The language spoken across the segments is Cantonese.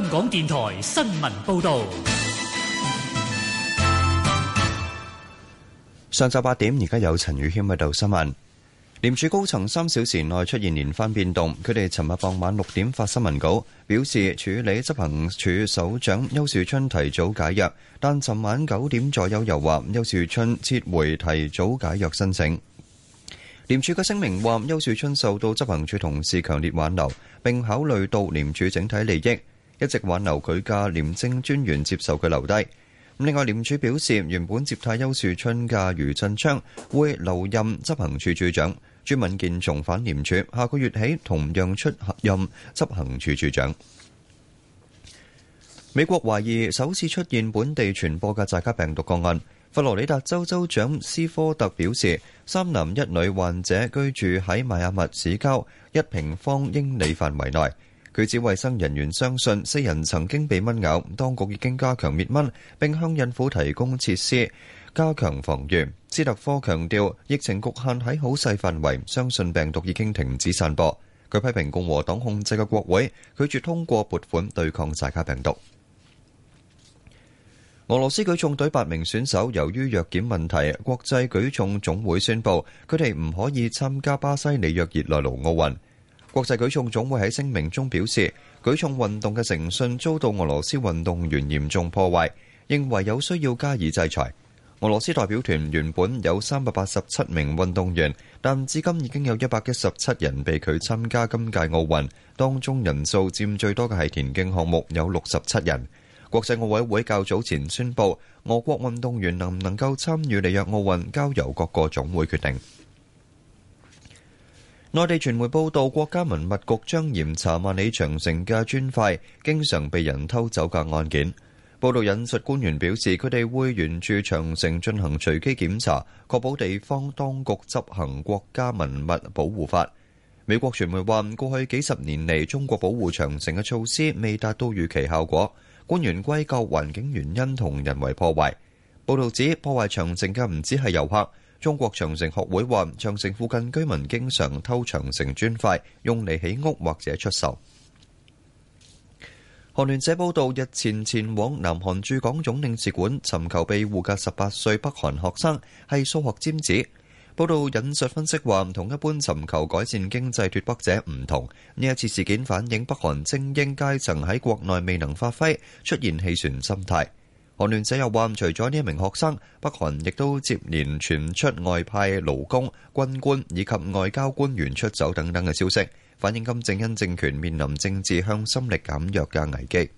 香港電台新聞報道：上晝八點，而家有陳宇謙喺度。新聞，廉署高層三小時內出現連番變動。佢哋尋日傍晚六點發新聞稿，表示處理執行處首長邱樹春提早解約。但尋晚九點左右又話邱樹春撤回提早解約申請。廉署嘅聲明話，邱樹春受到執行處同事強烈挽留，並考慮到廉署整體利益。一直挽留佢嘅廉政專員接受佢留低。另外廉署表示，原本接替邱樹春嘅余振昌會留任執行處處長，朱敏健重返廉署，下個月起同樣出任執行處處長。美國懷疑首次出現本地傳播嘅寨卡病毒個案。佛羅里達州州長斯科特表示，三男一女患者居住喺邁阿密市郊一平方英里範圍內。佢指，衞生人員相信四人曾經被蚊咬，當局已經加強滅蚊，並向孕婦提供設施加強防禦。斯特科強調，疫情局限喺好細範圍，相信病毒已經停止散播。佢批評共和黨控制嘅國會拒絕通過撥款對抗寨卡病毒。俄羅斯舉重隊八名選手由於藥檢問題，國際舉重總會宣布佢哋唔可以參加巴西里約熱內盧奧運。國際舉重總會喺聲明中表示，舉重運動嘅誠信遭到俄羅斯運動員嚴重破壞，認為有需要加以制裁。俄羅斯代表團原本有三百八十七名運動員，但至今已經有一百一十七人被拒參加今屆奧運。當中人數佔最多嘅係田徑項目，有六十七人。國際奧委會較早前宣布，俄國運動員能唔能夠參與里約奧運，交由各個總會決定。內地傳媒報道，國家文物局將嚴查萬里長城嘅磚塊經常被人偷走嘅案件。報道引述官員表示，佢哋會沿住長城進行隨機檢查，確保地方當局執行國家文物保護法。美國傳媒話，過去幾十年嚟，中國保護長城嘅措施未達到預期效果。官員歸咎環境原因同人為破壞。報道指，破壞長城嘅唔止係遊客。中國長城學會話，長城附近居民經常偷長城磚塊，用嚟起屋或者出售。韓聯社報道，日前前往南韓駐港總領事館尋求庇護嘅十八歲北韓學生，係數學尖子。報道引述分析話，唔同一般尋求改善經濟脫北者唔同，呢一次事件反映北韓精英階層喺國內未能發揮，出現棄船心態。韓聯社又話，除咗呢一名學生，北韓亦都接連傳出外派勞工、軍官以及外交官員出走等等嘅消息，反映金正恩政權面臨政治向心力減弱嘅危機。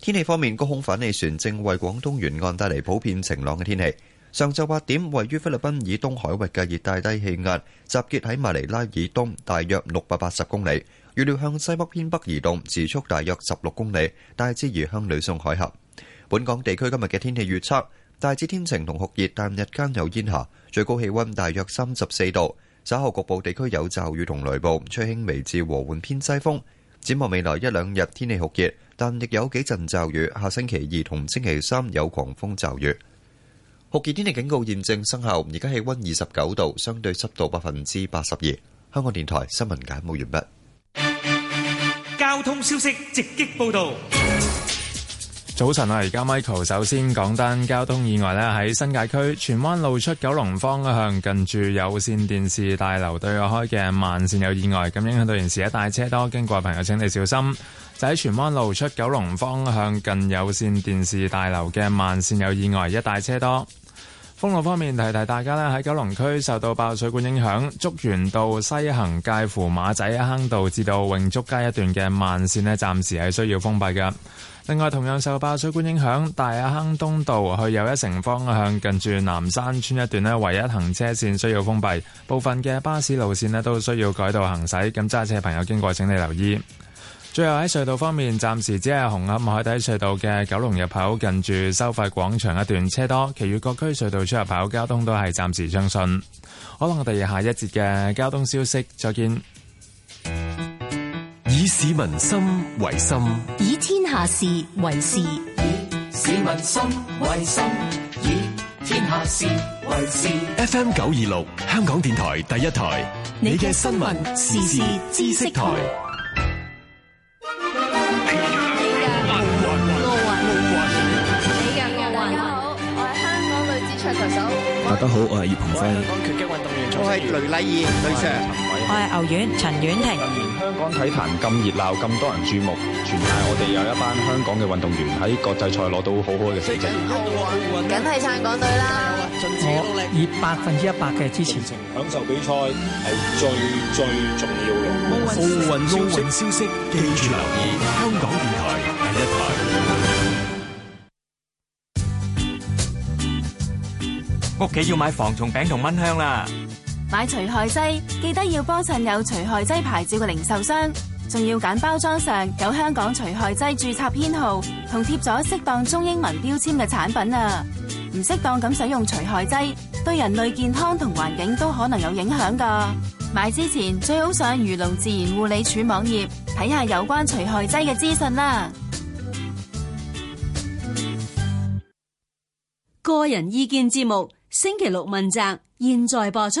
天氣方面，高空反氣旋正為廣東沿岸帶嚟普遍晴朗嘅天氣。上晝八點，位於菲律賓以東海域嘅熱帶低氣壓集結喺馬尼拉以東，大約六百八十公里，預料向西北偏北移動，時速大約十六公里，大致移向呂宋海峽。本港地區今日嘅天氣預測，大致天晴同酷熱，但日間有煙霞，最高氣溫大約三十四度。稍後局部地區有驟雨同雷暴，吹輕微至和緩偏西風。展望未來一兩日天氣酷熱，但亦有幾陣驟雨。下星期二同星期三有狂風驟雨。酷熱天氣警告現正生效，而家氣溫二十九度，相對濕度百分之八十二。香港電台新聞簡報完畢。交通消息直擊報道。早晨啊！而家 Michael 首先講單交通意外咧，喺新界區荃灣路出九龍方向近住有線電視大樓對外開嘅慢線有意外，咁影響到現時一帶車多，經過朋友請你小心。就喺荃灣路出九龍方向近有線電視大樓嘅慢線有意外，一帶車多。封路方面，提提大家咧，喺九龍區受到爆水管影響，竹園道西行介乎馬仔坑道至到永竹街一段嘅慢線呢，暫時係需要封閉嘅。另外，同樣受爆水管影響，大亞坑東道去又一城方向近住南山村一段咧，唯一行車線需要封閉，部分嘅巴士路線咧都需要改道行駛。咁揸車嘅朋友經過請你留意。最後喺隧道方面，暫時只係紅磡海底隧道嘅九龍入口近住收費廣場一段車多，其餘各區隧道出入口交通都係暫時暢順。好啦，我哋下一節嘅交通消息，再見。以市民心為心，以天下事為事。以市民心為心，以天下事為事。F M 九二六，香港電台第一台，你嘅新聞時事知識台。你嘅奧運，奧運，你嘅大家好，我係香港女子唱作手。大家好，我係葉鵬飛。我係香我係雷麗儀，女士。我係牛丸，陳婉婷。近年香港體壇咁熱鬧，咁多人注目，全賴我哋有一班香港嘅運動員喺國際賽攞到好好嘅成績。梗係撐港隊啦！我以百分之一百嘅支持，享受比賽係最最重要嘅。奧運奧運消息，記住留意香港電台第一台。屋企要買防蟲餅同蚊香啦。買除害劑記得要幫襯有除害劑牌照嘅零售商，仲要揀包裝上有香港除害劑注冊編號同貼咗適當中英文標籤嘅產品啊！唔適當咁使用除害劑，對人類健康同環境都可能有影響㗎。買之前最好上漁農自然護理署網頁睇下有關除害劑嘅資訊啦。個人意見節目星期六問責，現在播出。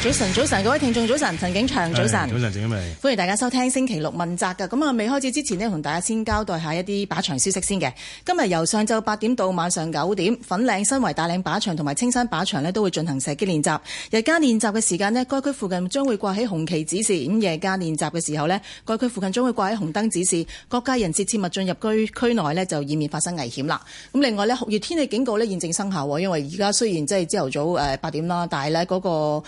早晨，早晨，各位聽眾早晨，陳景祥，早晨，早晨，歡迎大家收聽星期六問責嘅咁啊！未開始之前呢，同大家先交代下一啲靶場消息先嘅。今日由上晝八點到晚上九點，粉嶺新圍大嶺靶場同埋青山靶場呢都會進行射擊練習。日間練習嘅時間呢，該區附近將會掛起紅旗指示；咁夜間練習嘅時候呢，該區附近將會掛起紅燈指示，各界人士切勿進入居區內呢就以免發生危險啦。咁另外呢，酷熱天氣警告呢現正生效，因為而家雖然即係朝頭早誒八點啦，但係呢嗰個。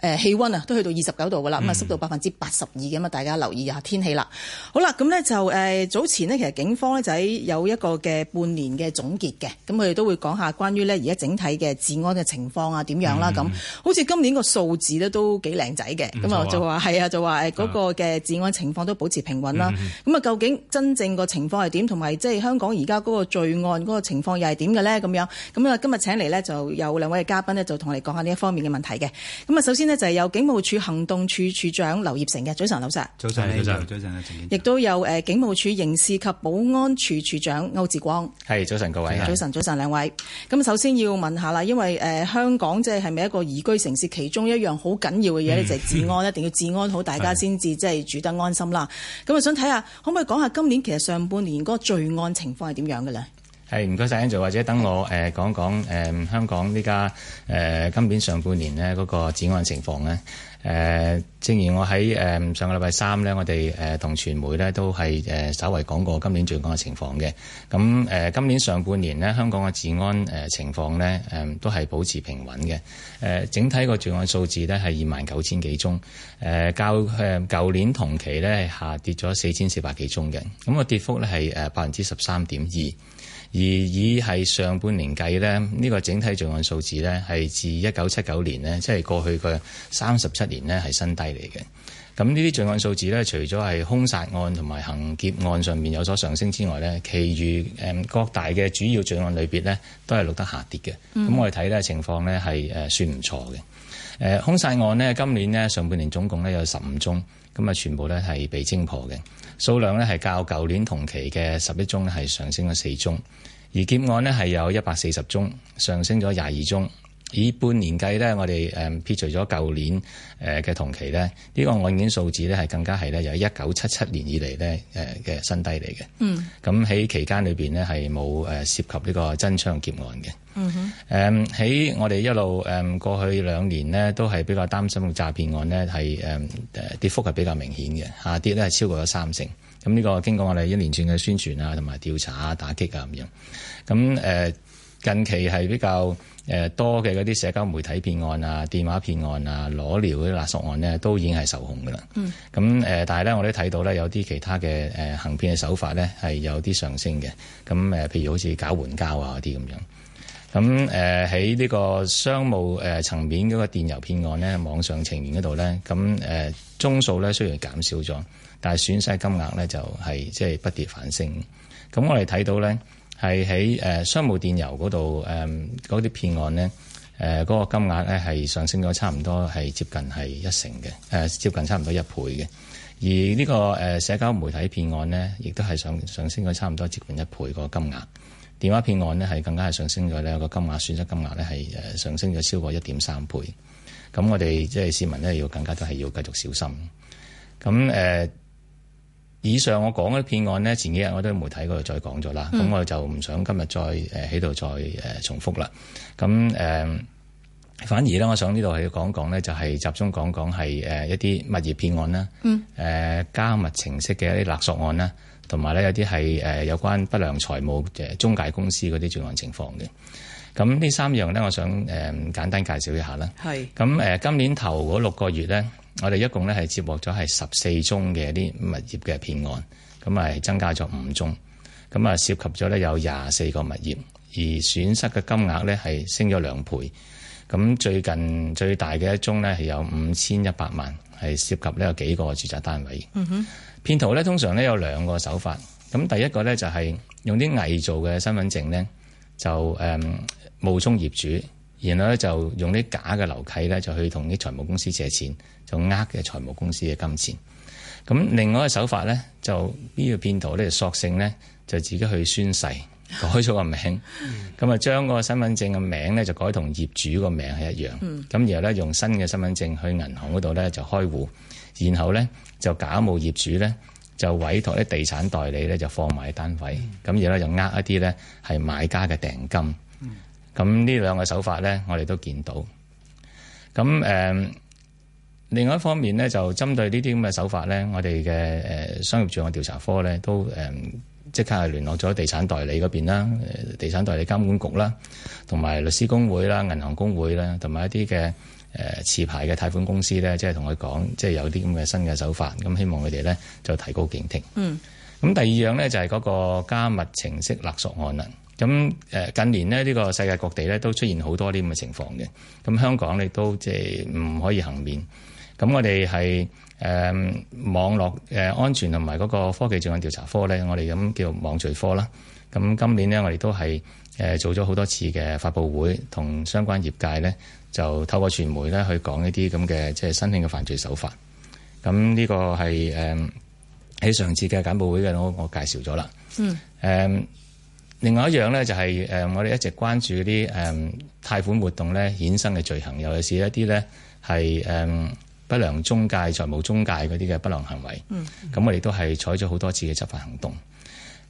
誒氣温啊，都去到二十九度噶啦，咁啊、嗯、濕度百分之八十二嘅嘛，大家留意下天氣啦。好啦，咁呢就誒、呃、早前呢，其實警方咧就有一個嘅半年嘅總結嘅，咁佢哋都會講下關於呢而家整體嘅治安嘅情況啊點樣啦咁。好似今年個數字咧都幾靚仔嘅，咁、嗯、啊，啊就話係啊就話誒嗰個嘅治安情況都保持平穩啦。咁啊、嗯、究竟真正個情況係點？同埋即係香港而家嗰個罪案嗰個情況又係點嘅呢？咁樣咁啊今日請嚟呢，就有兩位嘅嘉賓呢，就同我哋講下呢一方面嘅問題嘅。咁啊首先。咧就係有警務處行動處處長劉業成嘅，早晨，劉 Sir。早晨，早晨，早晨，亦都有誒警務處刑事及保安處處長區志光。係早晨，各位。早晨上是，早晨，兩位。咁首先要問下啦，因為誒香港即係係咪一個宜居城市，其中一樣好緊要嘅嘢咧就係治安，一定要治安好，大家先至即係住得安心啦。咁我 是想睇下可唔可以講下今年其實上半年嗰個罪案情況係點樣嘅咧？係唔該晒 a n g i e 或者等我誒講講誒香港呢家誒、呃、今年上半年呢嗰個治安情況咧誒。正如我喺誒、呃、上個禮拜三咧，我哋誒同傳媒咧都係誒、呃、稍微講過今年罪案嘅情況嘅。咁、呃、誒今年上半年呢，香港嘅治安誒情況咧誒都係保持平穩嘅誒。整體個罪案數字咧係二萬九千幾宗誒，較誒舊年同期咧下跌咗四千四百幾宗嘅，咁、呃、個跌幅咧係誒百分之十三點二。而以係上半年計咧，呢、這個整體罪案數字呢，係自一九七九年咧，即係過去嘅三十七年呢，係新低嚟嘅。咁呢啲罪案數字呢，除咗係兇殺案同埋行劫案上面有所上升之外呢，其餘誒各大嘅主要罪案類別呢，都係錄得下跌嘅。咁、嗯、我哋睇呢情況呢，係誒算唔錯嘅。誒兇殺案呢，今年呢，上半年總共呢，有十五宗，咁啊全部呢，係被偵破嘅。數量呢，係較舊年同期嘅十一宗，係上升咗四宗，而劫案呢，係有一百四十宗，上升咗廿二宗。以半年計咧，我哋誒、嗯、撇除咗舊年誒嘅同期咧，呢、這個案件數字咧係更加係咧由一九七七年以嚟咧誒嘅新低嚟嘅。嗯，咁喺期間裏邊呢係冇誒涉及呢個真槍劫案嘅。嗯哼。誒喺我哋一路誒過去兩年呢都係比較擔心嘅詐騙案咧係誒跌幅係比較明顯嘅，下跌咧係超過咗三成。咁、嗯、呢、這個經過我哋一連串嘅宣傳啊，同埋調查啊、打擊啊咁樣。咁、嗯、誒。呃近期係比較誒多嘅嗰啲社交媒體騙案啊、電話騙案啊、裸聊嗰啲勒索案呢，都已經係受控噶啦。咁誒、嗯，但係咧，我哋都睇到咧，有啲其他嘅誒行騙嘅手法咧，係有啲上升嘅。咁誒，譬如好似搞援交啊嗰啲咁樣。咁誒喺呢個商務誒層面嗰個電郵騙案咧，網上情緣嗰度咧，咁誒宗數咧雖然減少咗，但係損失金額咧就係即係不跌反升。咁我哋睇到咧。係喺誒商務電郵嗰度誒嗰啲騙案咧，誒、呃、嗰、嗰個金額咧係上升咗差唔多係接近係一成嘅，誒、呃、接近差唔多一倍嘅。而呢、呢個誒、呃、社交媒體騙案咧，亦都係上上升咗差唔多接近一倍個金額。電話騙案咧係更加係上升咗咧、嗰個金額損失金額咧係誒上升咗超過一點三倍。咁我哋即係市民咧要更加都係要繼續小心。咁誒。呃以上我講嗰啲騙案咧，前幾日我都喺媒體嗰度再講咗啦，咁、嗯、我就唔想今日再誒喺度再誒重複啦。咁誒、呃，反而咧，我想呢度係要講講咧，就係、是、集中講講係誒一啲物業騙案啦，誒、呃、加密程式嘅一啲勒索案啦，同埋咧有啲係誒有關不良財務誒中介公司嗰啲罪案情況嘅。咁呢三樣咧，我想誒、呃、簡單介紹一下啦。係是。咁誒、呃，今年頭嗰六個月咧。我哋一共咧係接獲咗係十四宗嘅啲物業嘅騙案，咁啊增加咗五宗，咁啊涉及咗咧有廿四個物業，而損失嘅金額咧係升咗兩倍，咁最近最大嘅一宗咧係有五千一百萬，係涉及呢有幾個住宅單位。嗯、哼騙徒咧通常咧有兩個手法，咁第一個咧就係用啲偽造嘅身份證咧，就誒冒充業主。然後咧就用啲假嘅樓契咧就去同啲財務公司借錢，就呃嘅財務公司嘅金錢。咁另外一個手法咧就個呢個騙徒咧就索性咧就自己去宣誓，改咗個名，咁啊將個身份證嘅名咧就改同業主個名係一樣。咁、嗯、然後咧用新嘅身份證去銀行嗰度咧就開戶，然後咧就假冒業主咧就委託啲地產代理咧就放埋單位，咁、嗯、然後咧就呃一啲咧係買家嘅訂金。咁呢兩個手法咧，我哋都見到。咁誒、呃，另外一方面咧，就針對呢啲咁嘅手法咧，我哋嘅誒商業罪案調查科咧，都誒即、呃、刻係聯絡咗地產代理嗰邊啦、地產代理監管局啦、同埋律師公會啦、銀行公會啦，同埋一啲嘅誒持牌嘅貸款公司咧，即係同佢講，即、就、係、是、有啲咁嘅新嘅手法，咁希望佢哋咧就提高警惕。嗯。咁第二樣咧就係、是、嗰個加密程式勒索案啦。咁誒近年呢，呢、呢個世界各地咧都出現好多啲咁嘅情況嘅。咁香港亦都即係唔可以幸免。咁我哋係誒網絡誒安全同埋嗰個科技罪案調查科咧，我哋咁叫網罪科啦。咁今年呢，我哋都係誒做咗好多次嘅發佈會，同相關業界咧就透過傳媒咧去講一啲咁嘅即係新興嘅犯罪手法。咁呢個係誒喺上次嘅簡報會嘅我我介紹咗啦。嗯誒。嗯另外一樣咧，就係、是、誒、嗯、我哋一直關注啲誒、嗯、貸款活動咧衍生嘅罪行，尤其是一啲咧係誒不良中介、財務中介嗰啲嘅不良行為。咁、嗯、我哋都係採取好多次嘅執法行動。誒、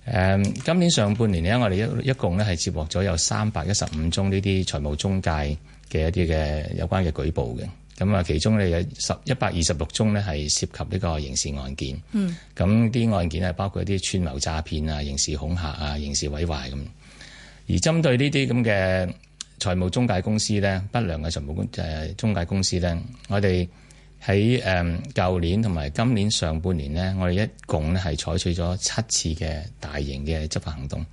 嗯、今年上半年咧，我哋一一共咧係接獲咗有三百一十五宗呢啲財務中介嘅一啲嘅有關嘅舉報嘅。咁啊，其中咧有十一百二十六宗咧，係涉及呢個刑事案件。嗯。咁啲案件係包括一啲串謀詐騙啊、刑事恐吓啊、刑事毀壞。咁。而針對呢啲咁嘅財務中介公司咧，不良嘅財務公誒中介公司咧，我哋喺誒舊年同埋今年上半年咧，我哋一共咧係採取咗七次嘅大型嘅執法行動。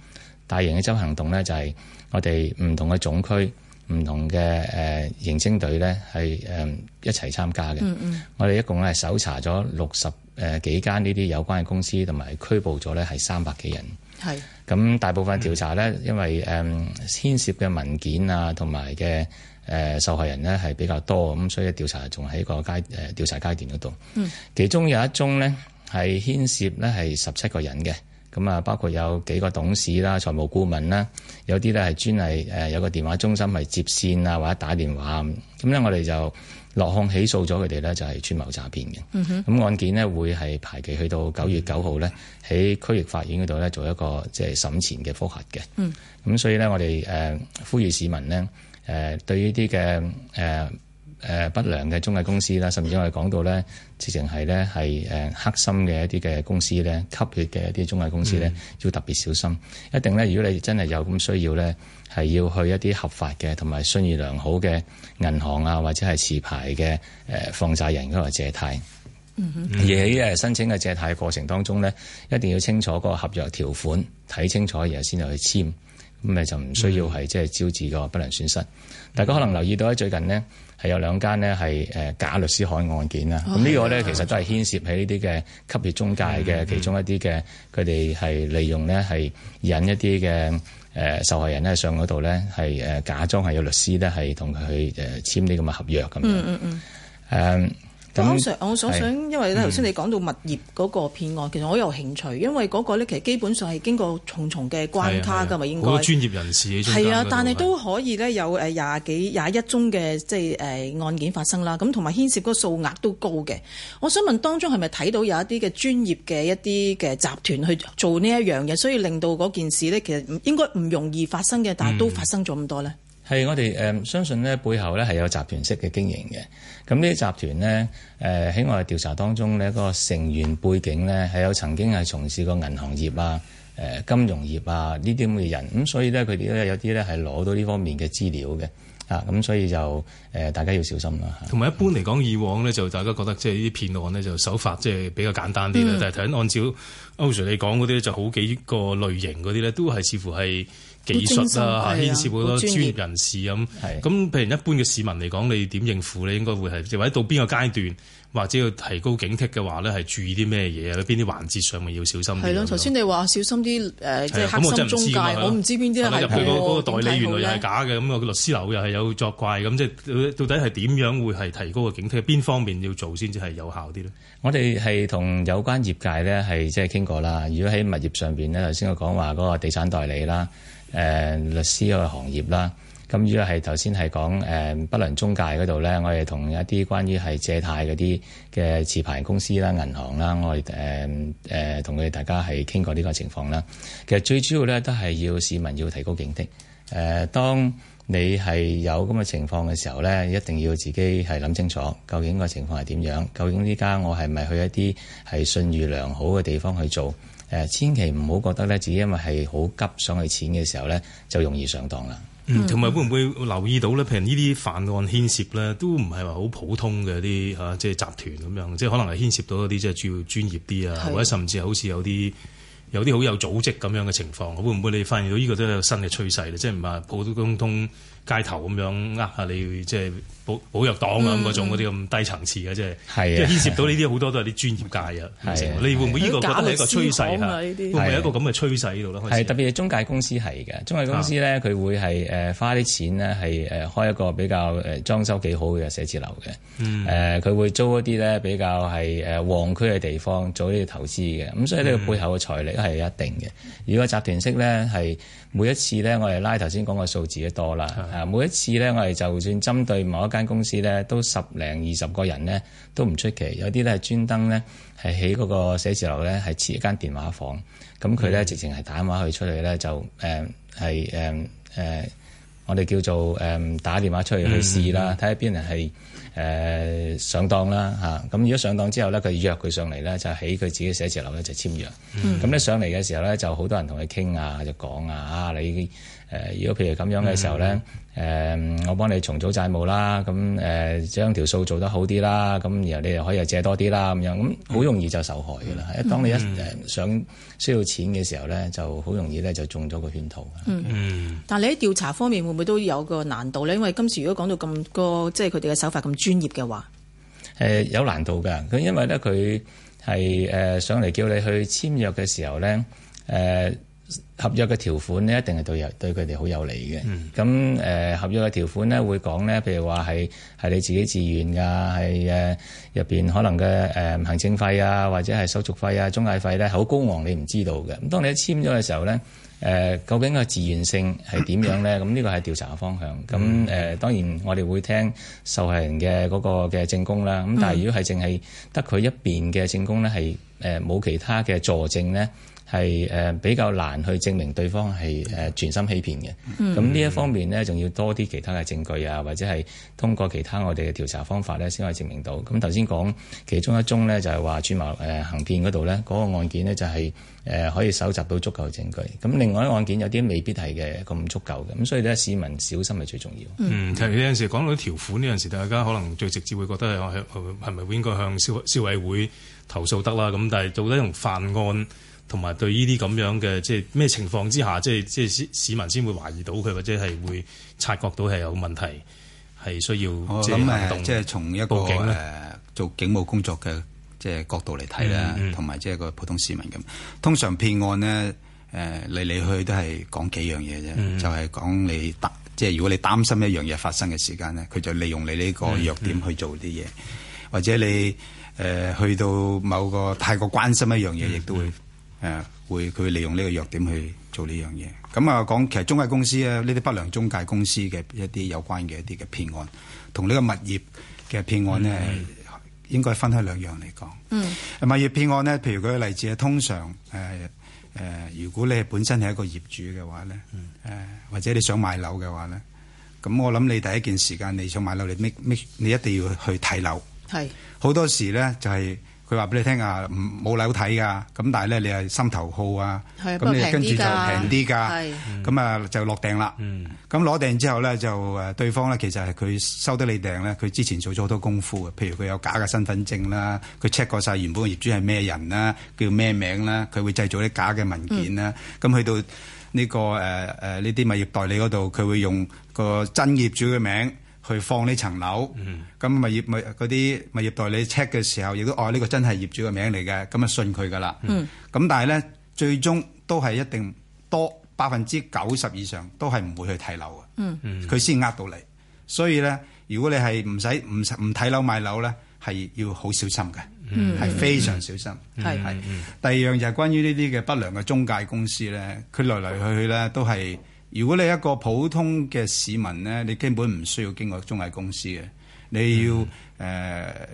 大型嘅執行動咧，就係我哋唔同嘅總區，唔同嘅誒刑偵隊咧係誒一齊參加嘅。嗯嗯，我哋一共咧搜查咗六十誒幾間呢啲有關嘅公司，同埋拘捕咗咧係三百幾人。係咁是大部分調查咧，因為誒、呃、牽涉嘅文件啊，同埋嘅誒受害人咧係比較多，咁所以調查仲喺個階誒、呃、調查階段嗰度。嗯，其中有一宗咧係牽涉咧係十七個人嘅。咁啊，包括有幾個董事啦、財務顧問啦，有啲咧係專係誒有個電話中心係接線啊，或者打電話咁。咁咧我哋就落控起訴咗佢哋咧，就係串謀詐騙嘅。咁、mm hmm. 案件咧會係排期去到九月九號咧，喺區域法院嗰度咧做一個即係審前嘅覆核嘅。咁、mm hmm. 所以咧我哋誒呼籲市民咧誒對於呢啲嘅誒。呃誒、呃、不良嘅中介公司啦，甚至我哋講到咧，直情係咧係誒黑心嘅一啲嘅公司咧，吸血嘅一啲中介公司咧，嗯、要特別小心。一定咧，如果你真係有咁需要咧，係要去一啲合法嘅同埋信譽良好嘅銀行啊，或者係持牌嘅誒、呃、放債人嗰度借貸。嗯、哼而喺誒申請嘅借貸過程當中咧，一定要清楚嗰個合約條款，睇清楚然後先至去簽。咁咪就唔需要係即係招致個不良損失。大家可能留意到喺最近呢係有兩間呢係誒假律師海案件啦。咁、哦、呢個咧、哦、其實都係牽涉喺呢啲嘅級別中介嘅其中一啲嘅佢哋係利用呢係引一啲嘅誒受害人咧上嗰度咧係誒假裝係有律師咧係同佢去誒簽呢咁嘅合約咁樣。嗯嗯嗯。嗯嗯嗯嗯、我想，我想想，因為咧頭先你講到物業嗰個騙案，嗯、其實我有興趣，因為嗰個咧其實基本上係經過重重嘅關卡噶嘛，是是是應該好專業人士係啊，但係都可以咧有誒廿幾廿一宗嘅即係誒案件發生啦，咁同埋牽涉嗰個數額都高嘅。我想問當中係咪睇到有一啲嘅專業嘅一啲嘅集團去做呢一樣嘢？所以令到嗰件事咧其實應該唔容易發生嘅，嗯、但係都發生咗咁多咧。係我哋誒、呃、相信咧，背後咧係有集團式嘅經營嘅。咁呢啲集團咧，誒、呃、喺我哋調查當中咧，呢個成員背景咧係有曾經係從事過銀行業啊、誒、呃、金融業啊呢啲咁嘅人。咁、嗯、所以咧，佢哋咧有啲咧係攞到呢方面嘅資料嘅。啊，咁所以就誒、呃、大家要小心啦。同埋一般嚟講，以往咧就大家覺得即係呢啲騙案咧就手法即係比較簡單啲啦。嗯、但係睇緊按照區 Sir 你講嗰啲咧，就好幾個類型嗰啲咧都係似乎係。技術啊，牽涉好多專業人士咁，咁譬如一般嘅市民嚟講，你點應付咧？應該會係或者到邊個階段，或者要提高警惕嘅話咧，係注意啲咩嘢？邊啲環節上面要小心？係咯，頭先你話小心啲，誒，即係黑心中介，我唔知邊啲係入去嗰嗰個代理原來又係假嘅，咁個律師樓又係有作怪，咁即係到底係點樣會係提高個警惕？邊方面要做先至係有效啲咧？我哋係同有關業界咧係即係傾過啦。如果喺物業上邊咧，頭先我講話嗰個地產代理啦。誒、呃、律師個行業啦，咁如果係頭先係講誒不良中介嗰度咧，我哋同一啲關於係借貸嗰啲嘅持牌公司啦、銀行啦，我哋誒誒同佢哋大家係傾過呢個情況啦。其實最主要咧都係要市民要提高警惕。誒、呃，當你係有咁嘅情況嘅時候咧，一定要自己係諗清楚，究竟個情況係點樣？究竟呢家我係咪去一啲係信譽良好嘅地方去做？誒，千祈唔好覺得咧，自己因為係好急想攞錢嘅時候咧，就容易上當啦。嗯，同埋會唔會留意到咧？譬如呢啲犯案牽涉咧，都唔係話好普通嘅啲嚇，即係集團咁樣，即係可能係牽涉到一啲即係主要專業啲啊，的或者甚至好似有啲有啲好有組織咁樣嘅情況，會唔會你發現到呢個都係有新嘅趨勢咧？即係唔係普普通通？街頭咁樣呃下、啊、你，即係保保藥黨啊咁嗰種嗰啲咁低層次嘅、啊，即係即係牽涉到呢啲好多都係啲專業界啊。啊你會唔會呢個覺得係一個趨勢、啊？係咪一個咁嘅趨勢呢度咧？係、啊啊、特別係中介公司係嘅，中介公司咧，佢會係誒花啲錢咧，係誒開一個比較誒裝修幾好嘅寫字樓嘅。誒佢、嗯呃、會租一啲咧比較係誒旺區嘅地方做呢啲投資嘅。咁所以咧，背後嘅財力係一定嘅。如果、嗯、集團式咧係。每一次咧，我哋拉頭先講個數字都多啦。啊的，每一次咧，我哋就算針對某一間公司咧，都十零二十個人咧，都唔出奇。有啲咧係專登咧，係喺嗰個寫字樓咧，係設一間電話房。咁佢咧直情係打電話去出去咧，就誒係誒誒。呃我哋叫做誒、嗯，打電話出去去試啦，睇下邊人係誒上當啦吓。咁如果上當之後咧，佢約佢上嚟咧，就喺佢自己寫字樓咧就簽約。嗯，咁咧、嗯、上嚟嘅時候咧，就好多人同佢傾啊，就講啊，啊你。誒，如果譬如咁樣嘅時候咧，誒、嗯呃，我幫你重組債務啦，咁誒、呃，將條數做得好啲啦，咁然後你哋可以又借多啲啦，咁樣，咁好容易就受害噶啦。一、嗯、當你一誒想需要錢嘅時候咧，就好容易咧就中咗個圈套。嗯，嗯但係你喺調查方面會唔會都有個難度咧？因為今次如果講到咁多，即係佢哋嘅手法咁專業嘅話，誒、呃、有難度㗎。佢因為咧佢係誒上嚟叫你去簽約嘅時候咧，誒、呃。合約嘅條款咧，一定係對有對佢哋好有利嘅。咁誒、嗯呃，合約嘅條款咧，會講呢，譬如話係係你自己自願㗎，係誒入邊可能嘅誒、呃、行政費啊，或者係手續費啊、中介費呢，好高昂，你唔知道嘅。咁當你一簽咗嘅時候呢，誒、呃、究竟個自願性係點樣呢？咁呢個係調查嘅方向。咁、嗯、誒、嗯呃，當然我哋會聽受害人嘅嗰個嘅證供啦。咁但係如果係淨係得佢一邊嘅證供呢，係誒冇其他嘅助證呢。係誒比較難去證明對方係誒全心欺騙嘅。咁呢、嗯、一方面呢，仲要多啲其他嘅證據啊，或者係通過其他我哋嘅調查方法呢，先可以證明到。咁頭先講其中一宗呢，就係話串謀誒行騙嗰度呢，嗰、嗰個案件呢、就係，就係誒可以搜集到足夠證據。咁另外啲案件有啲未必係嘅咁足夠嘅，咁所以呢，市民小心係最重要。嗯，嗯其實有陣時講到啲條款呢陣時，大家可能最直接會覺得係咪應該向消消委會投訴得啦？咁但係到底同犯案？同埋對呢啲咁樣嘅，即係咩情況之下，即係即係市民先會懷疑到佢，或者係會察覺到係有問題，係需要好即係即係從一個誒、呃、做警務工作嘅即係角度嚟睇啦，同埋、mm hmm. 即係個普通市民咁。通常騙案咧誒嚟嚟去都係講幾樣嘢啫，mm hmm. 就係講你即係如果你擔心一樣嘢發生嘅時間咧，佢就利用你呢個弱點去做啲嘢，mm hmm. 或者你誒、呃、去到某個太過關心一樣嘢，亦都會。Mm mm 誒、啊、會佢利用呢個弱點去做呢樣嘢。咁啊講其實中介公司啊，呢啲不良中介公司嘅一啲有關嘅一啲嘅騙案，同呢個物業嘅騙案咧，嗯、應該分開兩樣嚟講。嗯，物業騙案咧，譬如舉個例子，啊，通常誒誒、呃呃，如果你係本身係一個業主嘅話咧，誒、嗯呃、或者你想買樓嘅話咧，咁我諗你第一件時間你想買樓，你 make make，你一定要去睇樓。係好是多時咧就係、是。佢話俾你聽啊，唔冇樓睇噶，咁但係咧你係心頭好啊，咁你跟住就平啲㗎，咁啊就落訂啦。咁攞訂之後咧就誒對方咧其實係佢收得你訂咧，佢之前做咗好多功夫嘅，譬如佢有假嘅身份證啦，佢 check 過晒原本嘅業主係咩人啦，叫咩名啦，佢會製造啲假嘅文件啦，咁去到呢個誒誒呢啲物業代理嗰度，佢會用個真業主嘅名。佢放呢層樓，咁物、嗯、業、物嗰啲物業代理 check 嘅時候，亦都哦呢、呢個真係業主嘅名嚟嘅，咁啊信佢噶啦。咁、嗯、但係咧，最終都係一定多百分之九十以上都係唔會去睇樓嘅。佢先呃到你，所以咧，如果你係唔使唔唔睇樓買樓咧，係要好小心嘅，係、嗯、非常小心。係，係。第二樣就係關於呢啲嘅不良嘅中介公司咧，佢來來來去去咧都係。如果你一個普通嘅市民咧，你根本唔需要經過中介公司嘅，你要誒、嗯呃、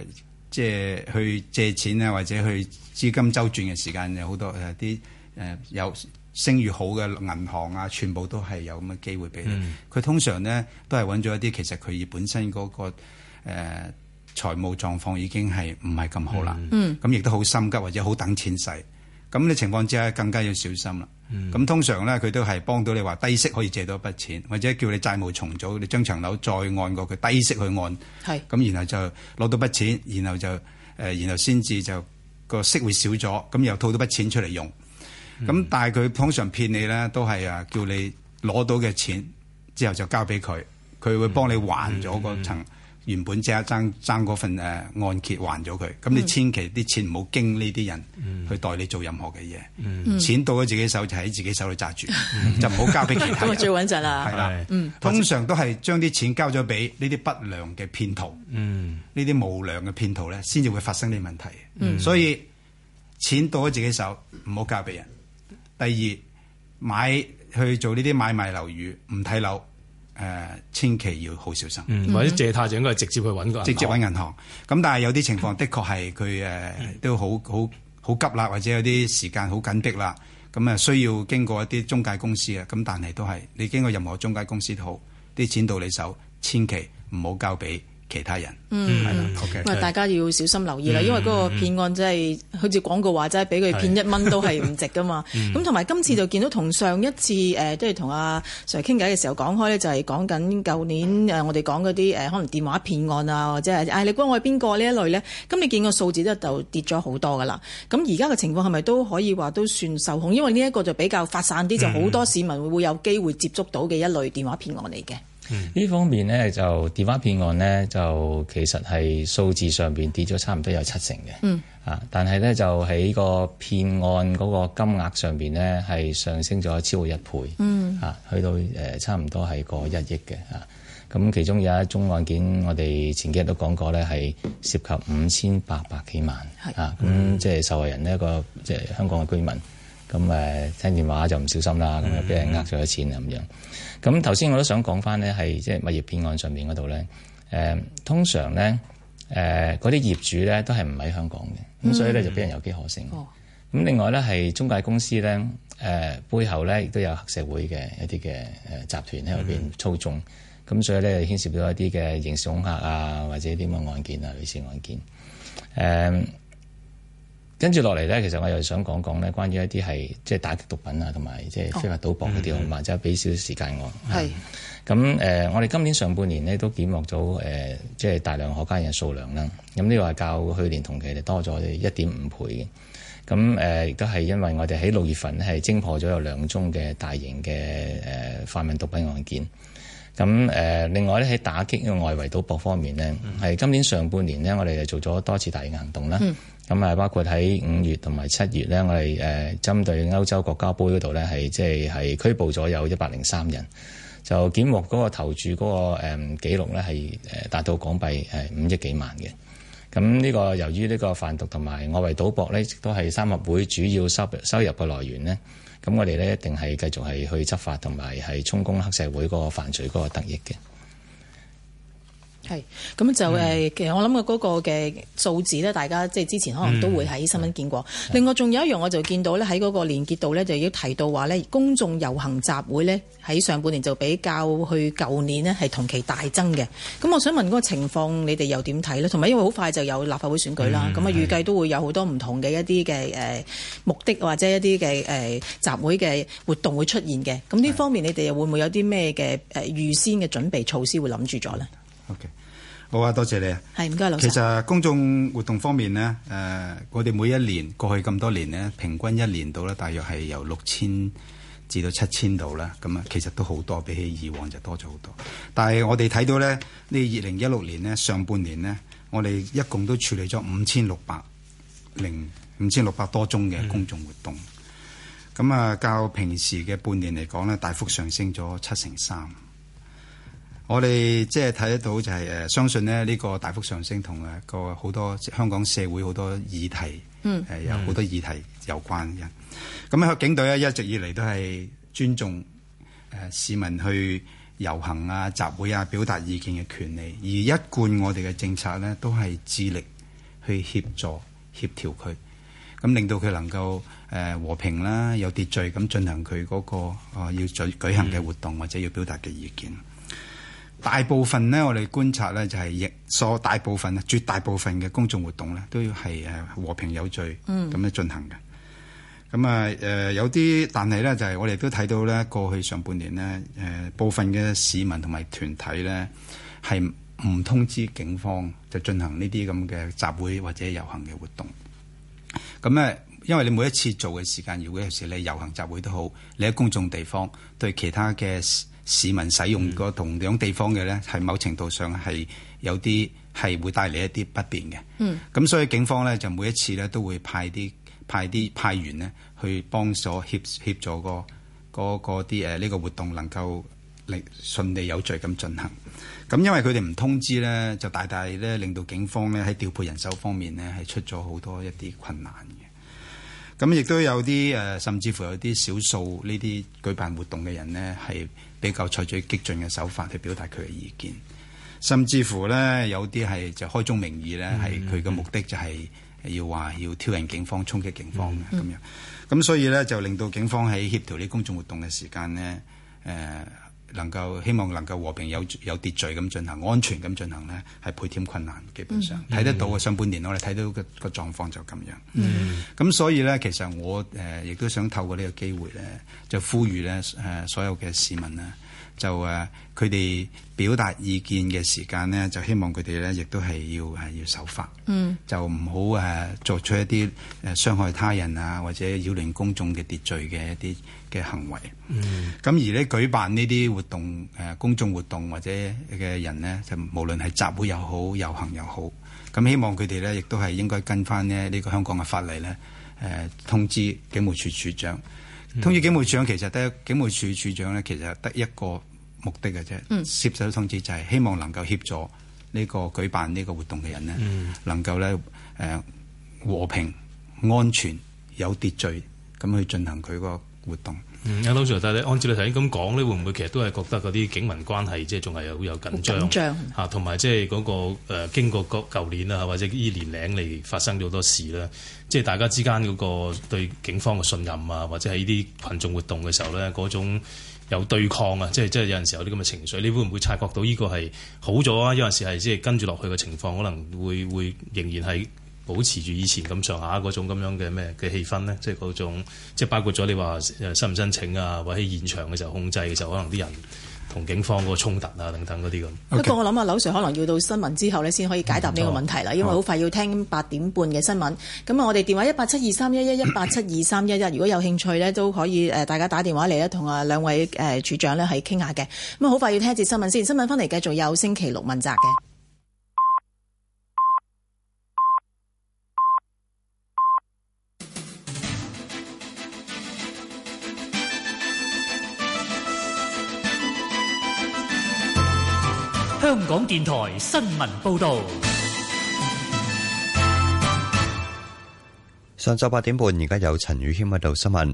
即係去借錢啊，或者去資金周轉嘅時間有好多誒啲誒有聲譽好嘅銀行啊，全部都係有咁嘅機會俾你。佢、嗯、通常咧都係揾咗一啲其實佢本身嗰、那個誒、呃、財務狀況已經係唔係咁好啦，咁亦都好心急或者好等錢使。咁啲情況之下更加要小心啦。咁、嗯、通常咧，佢都係幫到你話低息可以借到一筆錢，或者叫你債務重組，你將層樓再按過佢低息去按。係咁是，然後就攞到筆錢，然後就誒、呃，然後先至就個息會少咗，咁又套到筆錢出嚟用。咁、嗯、但係佢通常騙你咧，都係啊，叫你攞到嘅錢之後就交俾佢，佢會幫你還咗嗰層。嗯嗯嗯原本即刻爭爭嗰份誒按揭還咗佢，咁你、嗯、千祈啲錢唔好經呢啲人去代你做任何嘅嘢，嗯嗯、錢到咗自己手就喺自己手裏揸住，嗯、就唔好交俾其他人。最穩陣啦，係、嗯、啦，啊嗯、通常都係將啲錢交咗俾呢啲不良嘅騙徒，呢啲、嗯、無良嘅騙徒咧，先至會發生呢啲問題。嗯嗯、所以錢到咗自己手，唔好交俾人。第二買去做呢啲買賣樓宇，唔睇樓。誒、呃，千祈要好小心，嗯、或者借貸就應該係直接去揾個，直接揾銀行。咁但係有啲情況，的確係佢誒都好好好急啦，或者有啲時間好緊迫啦，咁啊需要經過一啲中介公司啊。咁但係都係你經過任何中介公司都好，啲錢到你手，千祈唔好交俾。其他人嗯，咁啊，大家要小心留意啦，嗯、因為嗰個騙案真係好似廣告話齋，俾佢、嗯、騙一蚊都係唔值噶嘛。咁同埋今次就見到同上一次誒，即係同阿 Sir 嚟傾偈嘅時候講開咧，就係講緊舊年誒，我哋講嗰啲誒，可能電話騙案啊，或者係、哎、你估我係邊個呢一類咧。咁你見個數字咧就跌咗好多噶啦。咁而家嘅情況係咪都可以話都算受控？因為呢一個就比較發散啲，就好多市民會有機會接觸到嘅一類電話騙案嚟嘅。呢、嗯、方面咧就電話騙案咧就其實係數字上邊跌咗差唔多有七成嘅，嗯、啊，但係咧就喺個騙案嗰個金額上邊咧係上升咗超過一倍，嗯、啊，去到誒、呃、差唔多係過一億嘅，啊，咁其中有一宗案件我哋前幾日都講過咧，係涉及五千八百幾萬是、嗯啊，啊，咁即係受害人咧個即係香港嘅居民，咁誒聽電話就唔小心啦，咁樣俾人呃咗錢啊咁樣。咁頭先我都想講翻咧，係即係物業騙案上面嗰度咧，誒通常咧，誒嗰啲業主咧都係唔喺香港嘅，咁所以咧就俾人有機可乘。咁另外咧係中介公司咧，誒背後咧亦都有黑社會嘅一啲嘅誒集團喺入邊操縱，咁所以咧牽涉到一啲嘅刑事恐嚇啊，或者啲咁嘅案件啊，類似案件，誒。跟住落嚟呢，其實我又想講講呢，關於一啲係即係打擊毒品啊，同埋即係非法賭博嗰啲案，或者俾少少時間我。係。咁誒是、呃，我哋今年上半年呢，都檢獲咗誒、呃，即係大量可卡因嘅數量啦。咁呢個係較去年同期多咗一點五倍嘅。咁、嗯、誒，亦都係因為我哋喺六月份咧係偵破咗有兩宗嘅大型嘅誒販賣毒品案件。咁、嗯、誒，另外咧喺打擊嘅外圍賭博方面呢，係、嗯、今年上半年呢，我哋就做咗多次大型行動啦。嗯咁啊，包括喺五月同埋七月咧，我哋誒、呃、針對歐洲國家杯嗰度咧，係即係係拘捕咗有一百零三人，就檢獲嗰個投注嗰、嗰個誒、嗯、記錄咧，係誒達到港幣誒五億幾萬嘅。咁呢、呢個由於呢個販毒同埋外圍賭博咧，都係三合會主要收收入嘅來源咧。咁我哋咧一定係繼續係去執法同埋係充公黑社會嗰個犯罪嗰個得益嘅。係咁就誒，嗯、其實我諗嘅嗰個嘅數字咧，大家即係之前可能都會喺新聞見過。嗯、另外仲有一樣，我就見到咧喺嗰個連結度咧，就要提到話咧，公眾遊行集會咧喺上半年就比較去舊年呢，係同期大增嘅。咁我想問嗰個情況，你哋又點睇呢？同埋因為好快就有立法會選舉啦，咁啊、嗯、預計都會有好多唔同嘅一啲嘅誒目的或者一啲嘅誒集會嘅活動會出現嘅。咁呢方面你哋又會唔會有啲咩嘅誒預先嘅準備措施會諗住咗呢？Okay. 好啊，多謝你。係唔該，老其實公眾活動方面呢，誒、呃，我哋每一年過去咁多年呢，平均一年度呢，大約係由六千至到七千度啦。咁啊，其實都好多，比起以往就多咗好多。但係我哋睇到呢，呢二零一六年呢，上半年呢，我哋一共都處理咗五千六百零五千六百多宗嘅公眾活動。咁啊、嗯，較平時嘅半年嚟講呢，大幅上升咗七成三。我哋即係睇得到，就係誒相信咧。呢個大幅上升同個好多香港社會好多議題，誒有好多議題有關嘅。咁咧，警隊咧一直以嚟都係尊重誒市民去遊行啊、集會啊、表達意見嘅權利。而一貫我哋嘅政策咧，都係致力去協助協調佢，咁令到佢能夠誒和平啦、有秩序咁進行佢嗰個啊要舉舉行嘅活動或者要表達嘅意見。大部分呢，我哋觀察呢，就係、是、亦所大部分、絕大部分嘅公眾活動呢，都要係誒和平有序咁樣進行嘅。咁啊誒，有啲但係呢，就係、是、我哋都睇到呢，過去上半年呢，誒、呃、部分嘅市民同埋團體呢，係唔通知警方就進行呢啲咁嘅集會或者遊行嘅活動。咁咧，因為你每一次做嘅時間，如果係時你遊行集會都好，你喺公眾地方對其他嘅。市民使用個同樣地方嘅呢，係、嗯、某程度上係有啲係會帶嚟一啲不便嘅。咁、嗯、所以警方呢，就每一次呢都會派啲派啲派員呢去幫所協協助、嗰個個啲誒呢個活動能夠力順利有序咁進行。咁因為佢哋唔通知呢，就大大呢令到警方呢喺調配人手方面呢，係出咗好多一啲困難嘅。咁亦都有啲誒、呃，甚至乎有啲少數呢啲舉辦活動嘅人呢，係。比較採取激進嘅手法去表達佢嘅意見，甚至乎呢，有啲係就開宗明義呢，係佢嘅目的就係要話要挑釁警方、衝擊警方嘅咁、mm hmm. 樣。咁所以呢，就令到警方喺協調啲公眾活動嘅時間呢。誒、呃。能夠希望能夠和平，有有秩序咁進行，安全咁進行呢，係倍添困難。基本上睇、嗯、得到嘅、嗯、上半年我哋睇到嘅個狀況就咁樣。咁、嗯、所以呢，其實我誒亦都想透過呢個機會呢，就呼籲呢誒所有嘅市民呢。就誒、啊，佢哋表達意見嘅時間呢就希望佢哋呢亦都係要係、啊、要守法，嗯、mm. 啊，就唔好誒作出一啲誒傷害他人啊，或者擾亂公眾嘅秩序嘅一啲嘅行為，嗯。咁而呢，舉辦呢啲活動誒、啊，公眾活動或者嘅人呢，就無論係集會又好，遊行又好，咁希望佢哋呢亦都係應該跟翻呢呢個香港嘅法例呢，誒、啊、通知警務處處長。通知警務處處長，其實得警務處處長咧，其實得一個目的嘅啫。涉、嗯、手通知就係希望能夠協助呢個舉辦呢個活動嘅人咧，嗯、能夠咧誒和平、安全、有秩序咁去進行佢個活動。嗯，阿 Lawson，但係按照你頭先咁講咧，會唔會其實都係覺得嗰啲警民關係即係仲係好有緊張嚇，同埋即係嗰個誒、呃、經過個舊年啊，或者依年齡嚟發生咗好多事咧，即係大家之間嗰個對警方嘅信任啊，或者係呢啲群眾活動嘅時候咧，嗰種有對抗啊，即係即係有陣時有啲咁嘅情緒，你會唔會察覺到呢個係好咗啊？有陣時係即係跟住落去嘅情況可能會會仍然係。保持住以前咁上下嗰種咁樣嘅咩嘅氣氛呢？即係嗰種，即係包括咗你話申唔申請啊，或者現場嘅時候控制嘅時候，可能啲人同警方嗰個衝突啊等等嗰啲咁。不過 Okay. 我諗啊，劉 sir 可能要到新聞之後呢，先可以解答呢個問題啦，嗯、因為好快要聽八點半嘅新聞。咁啊好，我哋電話一八七二三一一一八七二三一一，咳咳如果有興趣呢，都可以誒大家打電話嚟咧，同啊兩位誒、呃、處長呢係傾下嘅。咁啊，好快要聽一節新聞先，新聞翻嚟繼續有星期六問責嘅。香港電台新聞報道：上晝八點半，而家有陳宇謙報道新聞。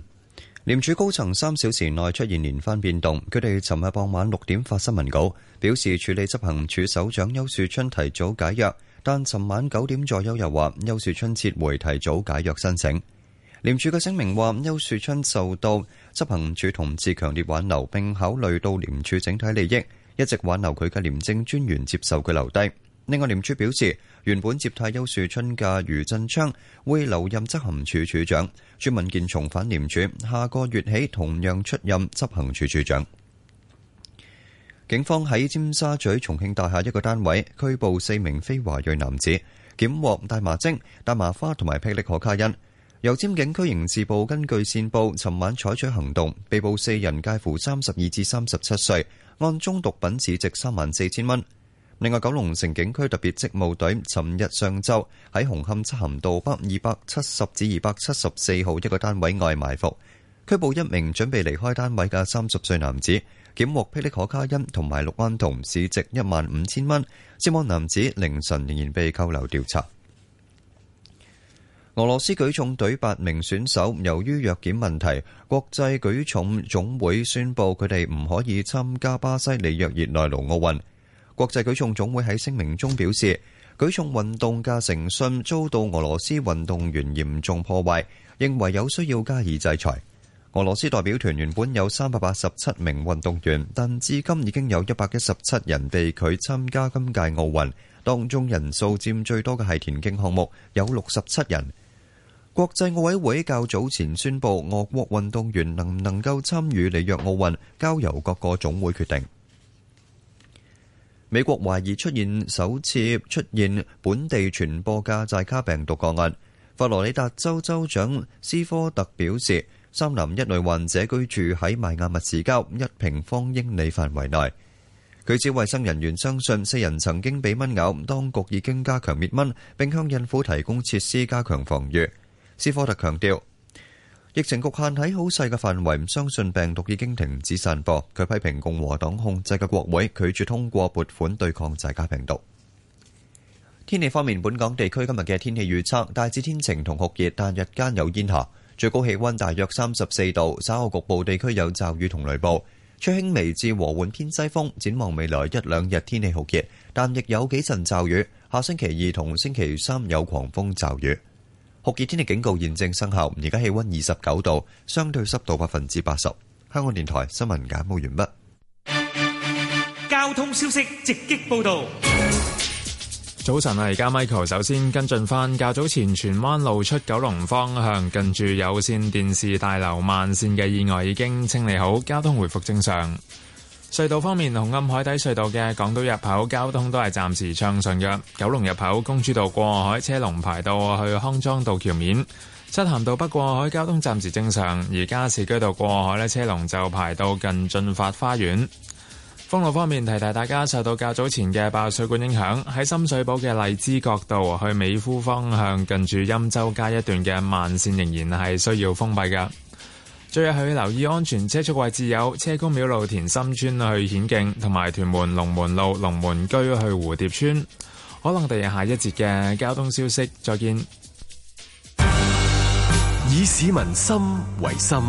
廉署高層三小時內出現連番變動。佢哋尋日傍晚六點發新聞稿，表示處理執行處首長邱樹春提早解約。但尋晚九點左右又話邱樹春撤回提早解約申請。廉署嘅聲明話邱樹春受到執行署同事強烈挽留，並考慮到廉署整體利益，一直挽留佢嘅廉政專員接受佢留低。另外，廉署表示，原本接替邱樹春嘅余振昌會留任執行處處長，朱文健重返廉署，下個月起同樣出任執行處處長。警方喺尖沙咀重慶大廈一個單位拘捕四名非華裔男子，檢獲大麻精、大麻花同埋霹靂可卡因。油尖警區刑事部根據線報，尋晚採取行動，被捕四人，介乎三十二至三十七歲，案中毒品市值三萬四千蚊。另外，九龍城警區特別職務隊尋日上晝喺紅磡漆咸道北二百七十至二百七十四號一個單位外埋伏，拘捕一名準備離開單位嘅三十歲男子，檢獲霹靂可卡因同埋六安酮，市值一萬五千蚊。涉案男子凌晨仍然被扣留調查。俄羅斯舉重隊八名選手由於藥檢問題，國際舉重總會宣布佢哋唔可以參加巴西里約熱內盧奧運。國際舉重總會喺聲明中表示，舉重運動嘅誠信遭到俄羅斯運動員嚴重破壞，認為有需要加以制裁。俄羅斯代表團原本有三百八十七名運動員，但至今已經有一百一十七人被拒參加今屆奧運。當中人數佔最多嘅係田徑項目，有六十七人。國際奧委會較早前宣布，俄國運動員能唔能夠參與里約奧運，交由各個總會決定。美國懷疑出現首次出現本地傳播嘅寨卡病毒個案。佛羅里達州州長斯科特表示，三男一女患者居住喺邁阿密市郊一平方英里範圍內。佢指衛生人員相信四人曾經俾蚊咬，當局已經加強滅蚊，並向孕婦提供設施加強防禦。斯科特強調，疫情局限喺好細嘅範圍，唔相信病毒已經停止散播。佢批評共和黨控制嘅國會拒絕通過撥款對抗寨卡病毒。天氣方面，本港地區今日嘅天氣預測大致天晴同酷熱，但日間有煙霞，最高氣溫大約三十四度，稍後局部地區有驟雨同雷暴。吹輕微至和緩偏西風，展望未來一兩日天氣酷熱，但亦有幾陣驟雨。下星期二同星期三有狂風驟雨，酷熱天氣警告現正生效。而家氣溫二十九度，相對濕度百分之八十。香港電台新聞簡報完畢。交通消息直擊報道。早晨啊！而家 Michael 首先跟進翻，較早前荃灣路出九龍方向近住有線電視大樓慢線嘅意外已經清理好，交通回復正常。隧道方面，紅磡海底隧道嘅港島入口交通都係暫時暢順嘅。九龍入口公主道過海車龍排到去康莊道橋面，漆咸道北過海交通暫時正常。而家加士居道過海咧，車龍就排到近駿發花園。公路方面，提提大家，受到較早前嘅爆水管影響，喺深水埗嘅荔枝角道去美孚方向，近住欽州街一段嘅慢線仍然係需要封閉噶。最後要留意安全車速位置有車公廟路田心村去顯徑，同埋屯門龍門路龍門居去蝴蝶村。可能第二日下一節嘅交通消息，再見。以市民心為心，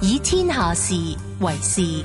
以天下事為事。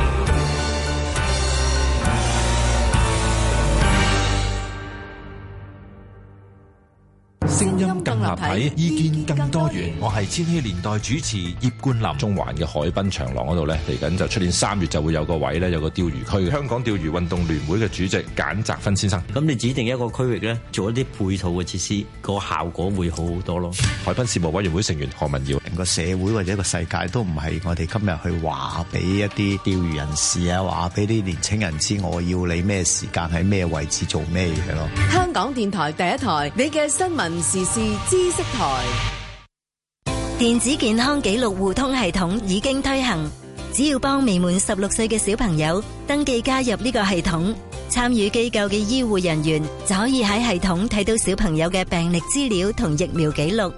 立體意見更多元。我係千禧年代主持葉冠霖，中環嘅海濱長廊嗰度咧，嚟緊就出年三月就會有個位咧，有個釣魚區。香港釣魚運動聯會嘅主席簡澤芬先生。咁你指定一個區域咧，做一啲配套嘅設施，個效果會好好多咯。海濱事務委員會成員何文耀，成個社會或者一個世界都唔係我哋今日去話俾一啲釣魚人士啊，話俾啲年青人知我要你咩時間喺咩位置做咩嘢咯。香港電台第一台，你嘅新聞時事。知識台，電子健康記錄互通系統已經推行。只要幫未滿十六歲嘅小朋友登記加入呢個系統，參與機構嘅醫護人員就可以喺系統睇到小朋友嘅病歷資料同疫苗記錄。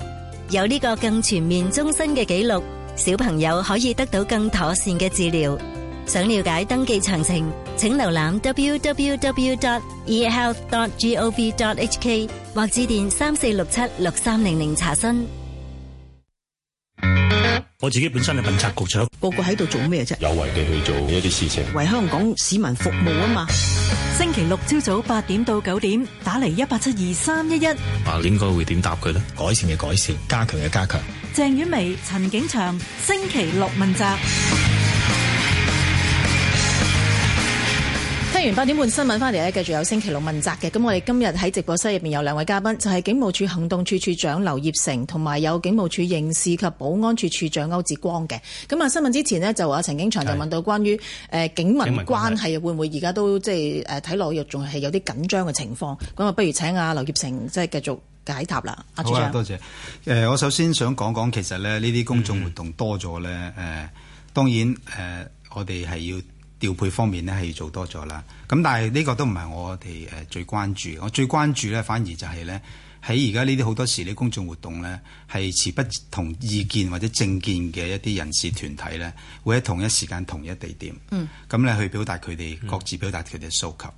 有呢個更全面、終身嘅記錄，小朋友可以得到更妥善嘅治療。想了解登記詳情，請瀏覽 www.dot.ehealth.dot.gov.dot.hk 或致電三四六七六三零零查詢。我自己本身係問責局長，個個喺度做咩啫？有為地去做呢一啲事情，為香港市民服務啊嘛！星期六朝早八點到九點，打嚟一八七二三一一。啊，應該會點答佢咧？改善嘅改善，加強嘅加強。鄭婉薇、陳景祥，星期六問責。聽完八點半新聞翻嚟咧，繼續有星期六問責嘅。咁我哋今日喺直播室入面有兩位嘉賓，就係、是、警務處行動處處長劉業成，同埋有警務處刑事及保安處處長區志光嘅。咁啊，新聞之前呢，就阿陳景祥就問到關於誒是、呃、警民關係會唔會而家都即係誒睇落又仲係有啲緊張嘅情況。咁啊，不如請阿劉業成即係繼續解答啦。阿主席，多謝。誒、呃，我首先想講講，其實咧呢啲公眾活動多咗咧，誒、嗯呃，當然誒、呃，我哋係要。調配方面呢係做多咗啦，咁但係呢個都唔係我哋誒最關注。我最關注呢，反而就係、是、呢，喺而家呢啲好多時啲公眾活動呢，係持不同意見或者政見嘅一啲人士團體呢，會喺同一時間同一地點，嗯，咁呢去表達佢哋各自表達佢哋嘅訴求。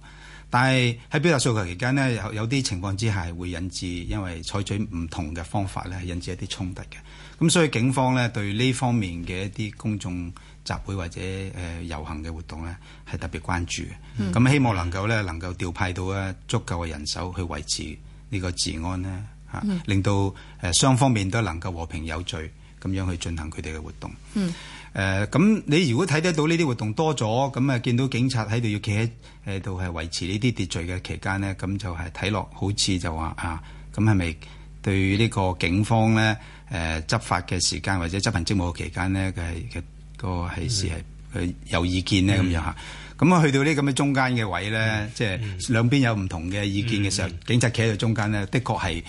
但係喺表達訴求期間呢，有有啲情況之下會引致因為採取唔同嘅方法呢，引致一啲衝突嘅。咁所以警方呢，對呢方面嘅一啲公眾。集會或者誒遊行嘅活動呢，係特別關注嘅。咁、嗯、希望能夠呢，能夠調派到啊足夠嘅人手去維持呢個治安呢嚇、嗯啊，令到誒雙方面都能夠和平有序咁樣去進行佢哋嘅活動。誒咁、嗯呃、你如果睇得到呢啲活動多咗，咁啊見到警察喺度要企喺度係維持呢啲秩序嘅期間呢，咁就係睇落好似就話啊「咁係咪對呢個警方呢？誒、呃、執法嘅時間或者執行職務嘅期間呢？」佢係個係事係佢有意見呢，咁樣吓，咁啊去到呢咁嘅中間嘅位咧，嗯、即係兩邊有唔同嘅意見嘅時候，警察企喺度中間咧，的確係誒、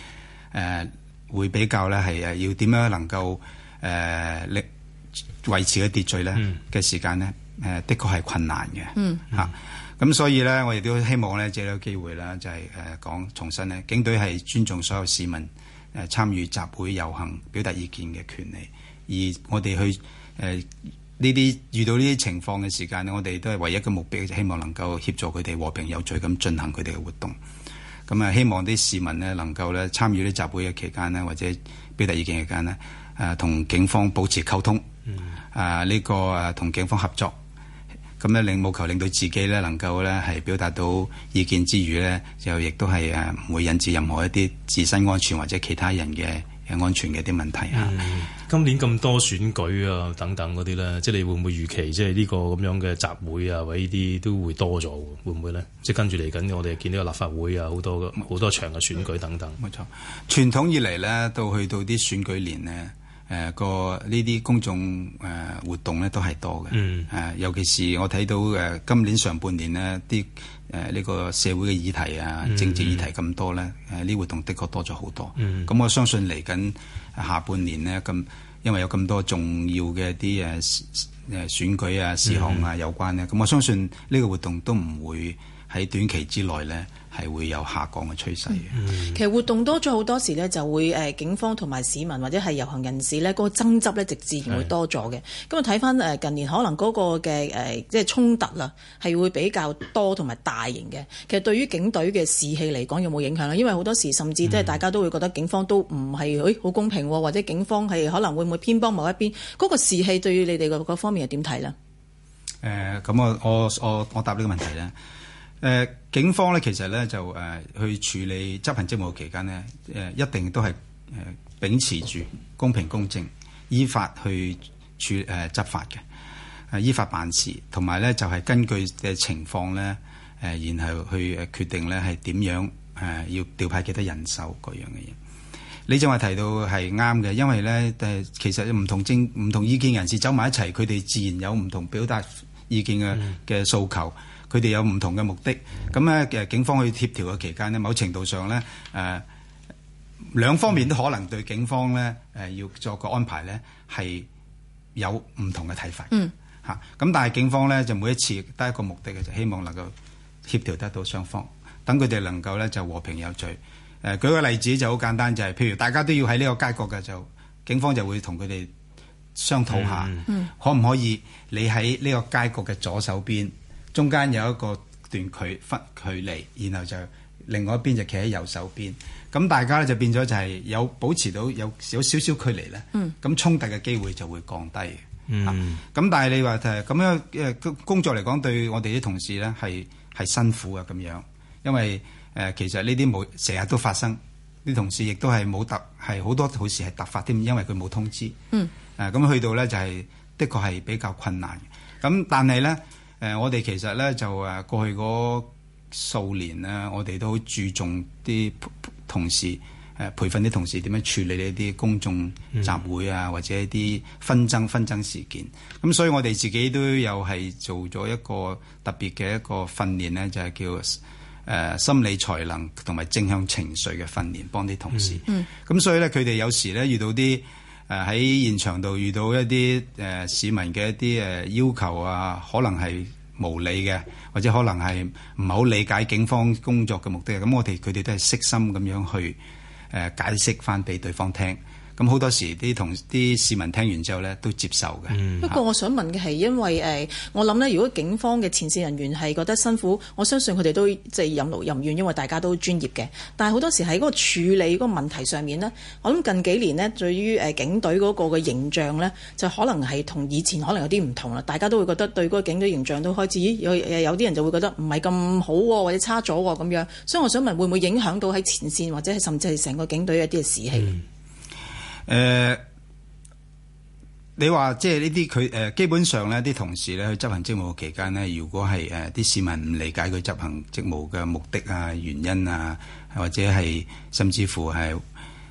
呃、會比較咧係誒要點樣能夠誒、呃、力維持個秩序咧嘅時間咧誒的確係困難嘅吓，咁、嗯啊、所以咧我亦都希望咧借呢個機會啦，就係、是、誒、呃、講重申咧，警隊係尊重所有市民誒、呃、參與集會遊行表達意見嘅權利，而我哋去誒。呃呢啲遇到呢啲情況嘅時間咧，我哋都係唯一嘅目標，就希望能夠協助佢哋和平有序咁進行佢哋嘅活動。咁啊，希望啲市民咧能夠咧參與呢集會嘅期間咧，或者表達意見期間咧，誒、呃、同警方保持溝通，啊、呃、呢、這個誒同警方合作。咁咧，令務求令到自己咧能夠咧係表達到意見之餘咧，就亦都係誒唔會引致任何一啲自身安全或者其他人嘅誒安全嘅啲問題嚇。嗯今年咁多選舉啊，等等嗰啲咧，即係你會唔會預期即係呢個咁樣嘅集會啊，或者呢啲都會多咗，會唔會咧？即係跟住嚟緊，我哋見呢個立法會啊，好多好冇錯多場嘅選舉等等。冇錯，傳統以嚟咧，到去到啲選舉年呢，誒個呢啲公眾誒活動咧都係多嘅。嗯。誒，尤其是我睇到誒今年上半年呢啲誒呢個社會嘅議題啊、政治議題咁多咧，誒呢、嗯、活動的確多咗好多。咁、嗯嗯、我相信嚟緊。下半年呢，咁，因為有咁多重要嘅啲誒誒選舉啊、事項啊有關咧，咁、嗯、我相信呢個活動都唔會喺短期之內咧。係會有下降嘅趨勢嘅。嗯、其實活動多咗好多時呢，就會誒警方同埋市民或者係遊行人士呢嗰、嗰個爭執咧，就自然會多咗嘅。咁啊的，睇翻誒近年可能嗰個嘅誒、呃，即係衝突啦，係會比較多同埋大型嘅。其實對於警隊嘅士氣嚟講，有冇影響咧？因為好多時甚至即係大家都會覺得警方都唔係誒好公平，或者警方係可能會唔會偏幫某一邊？嗰、嗰個士氣對於你哋個方面點睇呢？誒、呃，咁我我我我，我答呢個問題呢。誒、呃、警方咧，其實咧就誒、呃、去處理執行職務期間咧，誒、呃、一定都係誒、呃、秉持住公平公正、依法去處誒、呃、執法嘅，誒依法辦事，同埋咧就係、是、根據嘅情況咧，誒、呃、然後去決定咧係點樣誒要調派幾多人手嗰樣嘅嘢。你正話提到係啱嘅，因為咧誒、呃、其實唔同政唔同意見人士走埋一齊，佢哋自然有唔同表達意見嘅嘅、嗯、訴求。佢哋有唔同嘅目的，咁咧嘅警方去協調嘅期間咧，某程度上咧，誒、呃、兩方面都可能對警方咧誒、呃、要做個安排咧，係有唔同嘅睇法嚇。咁但係警方咧就每一次得一個目的嘅，就希望能夠協調得到雙方，等佢哋能夠咧就和平有序。誒、呃。舉個例子就好簡單，就係、是、譬如大家都要喺呢個街角嘅，就警方就會同佢哋商討下，嗯嗯、可唔可以你喺呢個街角嘅左手邊。中間有一個段距分距離，然後就另外一邊就企喺右手邊。咁大家咧就變咗就係有保持到有有少、少少距離咧，咁衝、嗯、突嘅機會就會降低嘅。咁、嗯啊、但係你話誒咁樣誒工作嚟講，對我哋啲同事咧係係辛苦嘅咁樣，因為誒、呃、其實呢啲冇成日都發生，啲同事亦都係冇突係好多好事係突發添，因為佢冇通知。嗯。誒咁、啊、去到咧就係、是、的確係比較困難。咁但係咧。誒、呃，我哋其實咧就誒、啊、過去嗰數年咧、啊，我哋都好注重啲同事誒、呃，培訓啲同事點樣處理呢啲公眾集會啊，或者一啲紛爭紛爭事件。咁所以我哋自己都有係做咗一個特別嘅一個訓練咧，就係、是、叫誒、呃、心理才能同埋正向情緒嘅訓練，幫啲同事。咁、嗯嗯、所以咧，佢哋有時咧遇到啲。誒喺、啊、現場度遇到一啲誒、呃、市民嘅一啲誒、呃、要求啊，可能係無理嘅，或者可能係唔係好理解警方工作嘅目的，咁我哋佢哋都係悉心咁樣去誒、呃、解釋翻俾對方聽。咁好多時啲同啲市民聽完之後呢，都接受嘅。嗯啊、不過我、呃，我想問嘅係，因為誒，我諗呢，如果警方嘅前線人員係覺得辛苦，我相信佢哋都即係任勞任怨，因為大家都專業嘅。但係好多時喺嗰個處理嗰個問題上面呢，我諗近幾年呢，對於誒警隊嗰個嘅形象呢，就可能係同以前可能有啲唔同啦。大家都會覺得對嗰個警隊形象都開始有誒，有啲人就會覺得唔係咁好、啊、或者差咗咁、啊、樣。所以我想問，會唔會影響到喺前線或者係甚至係成個警隊一啲嘅士氣？嗯誒，uh, 你話即係呢啲佢誒，基本上咧啲同事咧去執行職務期間咧，如果係誒啲市民唔理解佢執行職務嘅目的啊、原因啊，或者係甚至乎係誒、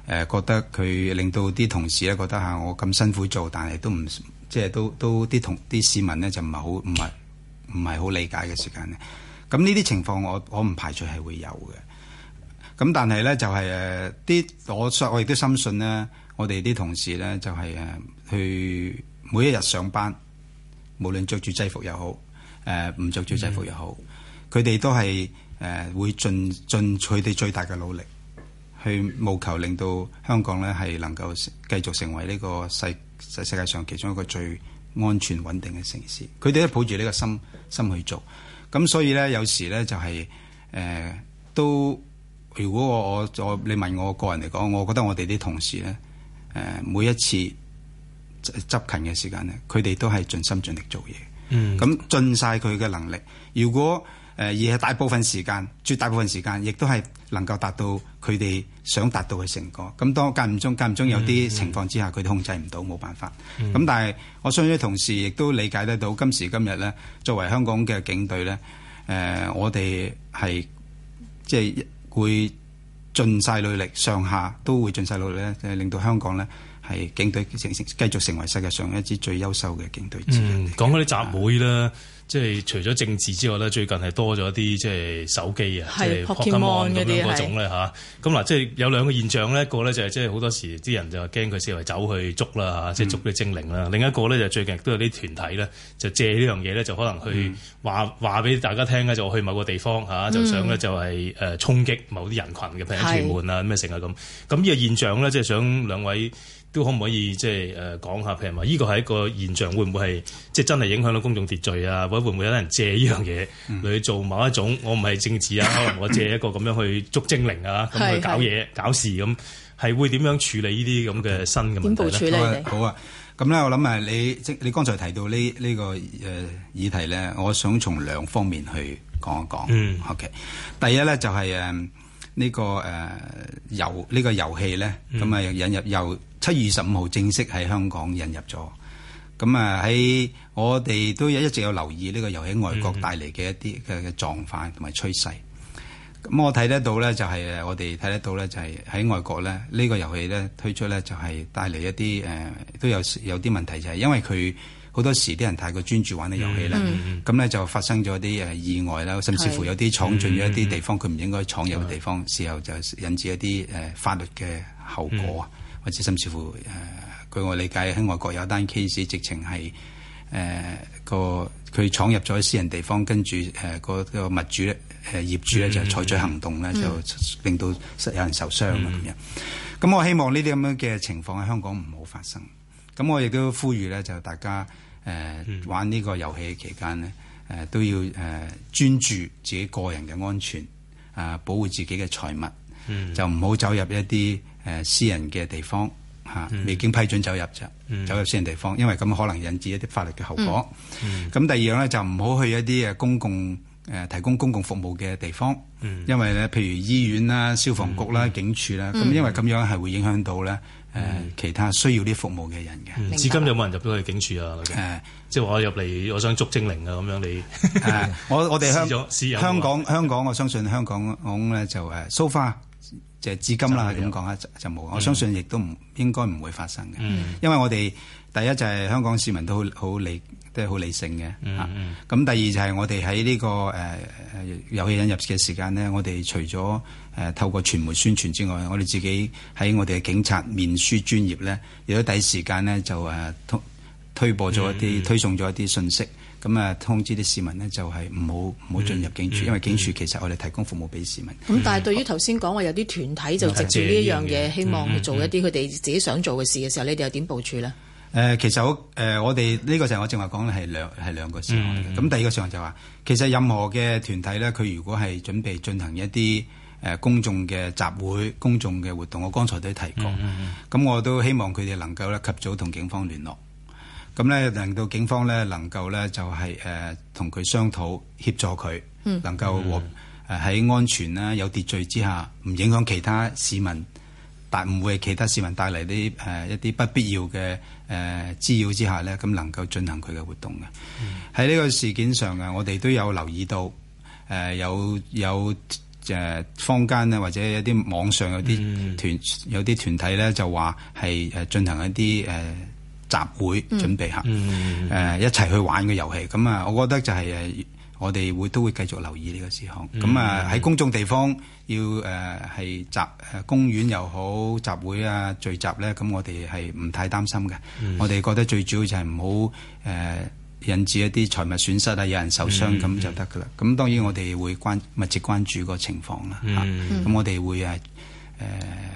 呃、覺得佢令到啲同事咧覺得吓、啊、我咁辛苦做，但係都唔即係都都啲同啲市民咧就唔係好唔係唔係好理解嘅時間咧。咁呢啲情況我我唔排除係會有嘅。咁但係咧就係、是、誒、啲、呃、我我亦都深信呢。呃我哋啲同事呢，就係誒去每一日上班，無論着住制服又好，誒唔着住制服又好，佢哋、嗯、都係誒會盡盡佢哋最大嘅努力，去務求令到香港呢係能夠繼續成為呢個世世界上其中一個最安全穩定嘅城市。佢哋都抱住呢個心心去做，咁所以呢，有時呢就係、是、誒、呃、都，如果我我你問我個人嚟講，我覺得我哋啲同事呢。」誒每一次執勤嘅時間呢，佢哋都係盡心盡力做嘢，咁、嗯、盡晒佢嘅能力。如果誒而係大部分時間，絕大部分時間，亦都係能夠達到佢哋想達到嘅成果。咁當間唔中，間唔中有啲情況之下，佢、嗯、控制唔到，冇辦法。咁、嗯、但係我相信同事亦都理解得到，今時今日呢，作為香港嘅警隊呢，誒、呃、我哋係即係會盡曬努力，上下都會盡曬努力咧，就係令到香港咧係警隊成繼續成為世界上一支最優秀嘅警隊之一。嗯，講嗰啲集會啦。即係除咗政治之外咧，最近係多咗啲即係手機啊，是即係、ok、Pokemon 咁樣嗰種咧吓，咁嗱的，即係有兩個現象咧，的一個咧就係即係好多時啲人就驚佢四圍走去捉啦嚇，即係、嗯、捉啲精靈啦。另一個咧就最近都有啲團體咧就借呢樣嘢咧就可能去話話俾大家聽咧就去某個地方嚇，嗯、就想咧就係誒衝擊某啲人群嘅譬如屯門啊咩成啊咁。咁呢個現象咧即係想兩位，都可唔可以即係誒講下，譬如話呢個係一個現象，會唔會係即係真係影響到公眾秩序啊？或者會唔會有人借呢樣嘢嚟去做某一種？我唔係政治啊，可能我借一個咁樣去捉精靈啊，咁 去搞嘢、搞事咁，係會點樣處理呢啲咁嘅新嘅問題咧、啊？好啊，咁咧我諗啊，你即你剛才提到呢、這、呢個誒、這個、議題咧，我想從兩方面去講一講。嗯，OK，第一咧就係、是、誒。嗯呢、這個誒遊呢個遊戲呢，咁、這、啊、個、引入由七月十五號正式喺香港引入咗。咁啊喺我哋都一直有留意呢個遊戲外國帶嚟嘅一啲嘅嘅狀況同埋趨勢。咁我睇得到呢、就係，就係我哋睇得到呢，就係喺外國呢，這個、遊戲呢個遊戲咧推出呢，就係帶嚟一啲誒都有有啲問題，就係因為佢。好多時啲人太過專注玩嘅遊戲咧，咁咧、mm hmm. 就發生咗啲誒意外啦，甚至乎有啲闖進咗一啲地方，佢唔、mm hmm. 應該闖入嘅地方，事後就引致一啲誒法律嘅後果，mm hmm. 或者甚至乎誒、呃、據我理解喺外國有單 case 直情係誒個佢闖入咗私人地方，跟住誒個物主誒、呃、業主咧就採取行動咧，mm hmm. 就令到有人受傷咁、mm hmm. 樣。咁我希望呢啲咁樣嘅情況喺香港唔好發生。咁我亦都呼籲咧，就大家。誒玩呢個遊戲嘅期間咧，誒、呃、都要誒、呃、專注自己個人嘅安全，誒、呃、保護自己嘅財物，嗯、就唔好走入一啲誒、呃、私人嘅地方嚇、嗯啊，未經批准走入就走入私人地方，因為咁可能引致一啲法律嘅後果。咁、嗯嗯、第二樣呢，就唔好去一啲誒公共誒、呃、提供公共服務嘅地方，因為呢，譬如醫院啦、消防局啦、警署啦，咁、嗯嗯嗯嗯、因為咁樣係會影響到呢。誒其他需要啲服務嘅人嘅、嗯，至今有冇人入到去警署啊？誒、啊，即係我入嚟，我想捉精靈啊咁樣你。 啊。我我哋香 香港香港，香港我相信香港講咧就誒 so far，即係至今啦點講咧就冇，我相信亦都唔應該唔會發生嘅。嗯、因為我哋。第一就係香港市民都好理，都係好理性嘅咁、嗯嗯啊、第二就係我哋喺呢個誒遊戲引入嘅時間呢，我哋除咗誒、呃、透過傳媒宣傳之外，我哋自己喺我哋嘅警察面書專頁呢，亦都第一時間呢就誒通、啊、推播咗一啲、嗯嗯、推送咗一啲信息，咁啊、嗯嗯、通知啲市民呢，就係唔好唔好進入警署，嗯嗯、因為警署其實我哋提供服務俾市民。咁、嗯嗯、但係對於頭先講話有啲團體就藉住呢一樣嘢，希望做一啲佢哋自己想做嘅事嘅時候，你哋又點部署呢？誒、呃，其實、呃、我、這個、我哋呢個就係我正話講咧，係兩係兩個場合。咁第二個場合就話、是，其實任何嘅團體呢佢如果係準備進行一啲誒、呃、公眾嘅集會、公眾嘅活動，我剛才都提過。咁、mm hmm. 嗯、我都希望佢哋能夠咧及早同警方聯絡，咁呢令到警方能夠呢、就是呃 mm hmm. 能夠呢就係誒同佢商討協助佢，能夠喺安全咧有秩序之下，唔影響其他市民。但唔會係其他市民帶嚟啲誒一啲不必要嘅誒滋擾之下咧，咁能夠進行佢嘅活動嘅。喺呢、嗯、個事件上啊，我哋都有留意到，誒、呃、有有誒、呃、坊間咧，或者一啲網上有啲團、嗯、有啲團體咧，就話係誒進行一啲誒集會準備吓，誒、嗯嗯呃、一齊去玩個遊戲。咁、嗯、啊，我覺得就係、是、誒。我哋會都會繼續留意呢個事項。咁啊，喺公眾地方要誒係集誒公園又好，集會啊聚集咧，咁我哋係唔太擔心嘅。我哋覺得最主要就係唔好誒引致一啲財物損失啊，有人受傷咁就得噶啦。咁當然我哋會關密切關注個情況啦。嚇，咁我哋會誒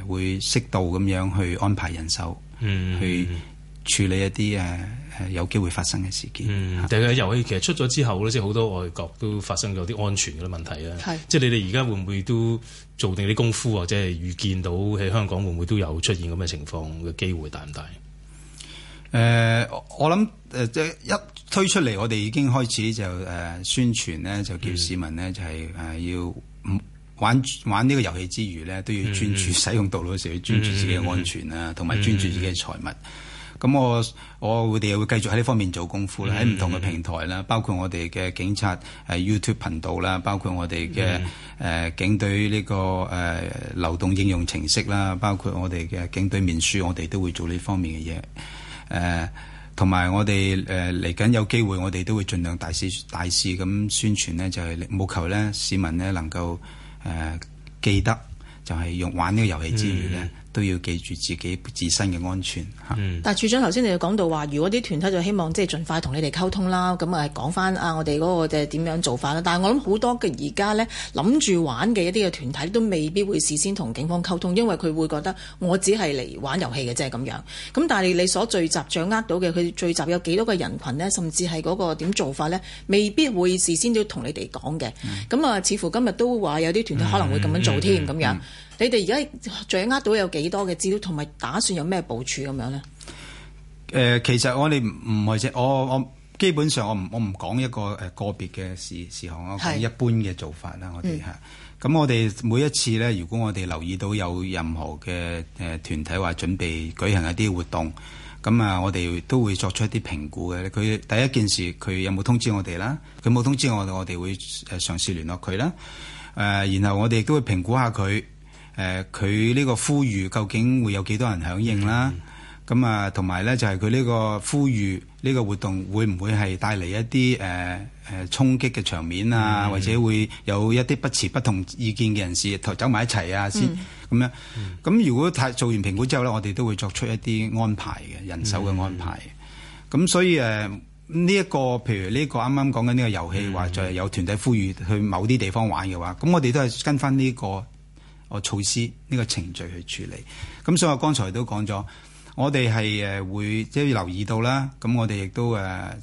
誒會適度咁樣去安排人手，去處理一啲誒。有機會發生嘅事件。嗯，但係遊戲其實出咗之後咧，即係好多外國都發生咗啲安全嘅問題啊。是即係你哋而家會唔會都做定啲功夫或者係預見到喺香港會唔會都有出現咁嘅情況嘅機會大唔大？誒、呃，我諗誒，即係、呃、一推出嚟，我哋已經開始就誒、呃、宣傳咧，就叫市民咧、嗯、就係誒要玩玩呢個遊戲之餘咧，都要專注使用道路嘅時候，要、嗯嗯、專注自己嘅安全啊，同埋專注自己嘅財物。咁我我哋又會繼續喺呢方面做功夫啦，喺唔、mm hmm. 同嘅平台啦，包括我哋嘅警察誒 YouTube 頻道啦，包括我哋嘅誒警隊呢、這個誒、呃、流動應用程式啦，包括我哋嘅警隊面書，我哋都會做呢方面嘅嘢。誒同埋我哋誒嚟緊有機會，我哋都會盡量大肆大肆咁宣傳咧，就係、是、力求咧市民咧能夠誒、呃、記得就，就係用玩呢個遊戲之餘咧。Hmm. 都要記住自己自身嘅安全嚇。嗯。但係處長頭先你又講到話，如果啲團體就希望即係儘快同你哋溝通啦，咁啊講翻啊我哋嗰個即係點樣做法啦。但係我諗好多嘅而家呢，諗住玩嘅一啲嘅團體都未必會事先同警方溝通，因為佢會覺得我只係嚟玩遊戲嘅啫咁樣。咁但係你所聚集掌握到嘅，佢聚集有幾多個人群呢？甚至係嗰個點做法呢，未必會事先都同你哋講嘅。嗯。咁啊，似乎今日都話有啲團體可能會咁樣做添咁樣。嗯嗯嗯嗯。你哋而家掌握到有幾多嘅資料，同埋打算有咩部署咁樣咧？誒、呃，其實我哋唔唔係我我基本上我唔我唔講一個誒個別嘅事事項，我講一般嘅做法啦。是我哋嚇咁，嗯、我哋每一次咧，如果我哋留意到有任何嘅誒團體話準備舉行一啲活動，咁啊，我哋都會作出一啲評估嘅。佢第一件事，佢有冇通知我哋啦？佢冇通知我哋，我哋會誒嘗試聯絡佢啦。誒、呃，然後我哋都會評估下佢。誒佢呢個呼籲究竟會有幾多人響應啦？咁、嗯、啊，同埋呢，就係佢呢個呼籲呢個活動會唔會係帶嚟一啲誒誒衝擊嘅場面啊？嗯、或者會有一啲不持不同意見嘅人士走埋一齊啊？先咁、嗯、樣。咁如果做完評估之後呢，我哋都會作出一啲安排嘅人手嘅安排。咁、嗯嗯、所以誒呢一個譬如呢個啱啱講緊呢個遊戲話，就係、嗯、有團體呼籲去某啲地方玩嘅話，咁我哋都係跟翻呢、這個個措施呢個程序，去處理。咁，所以我剛才都講咗，我哋係誒會即係留意到啦。咁我哋亦都誒誒、啊、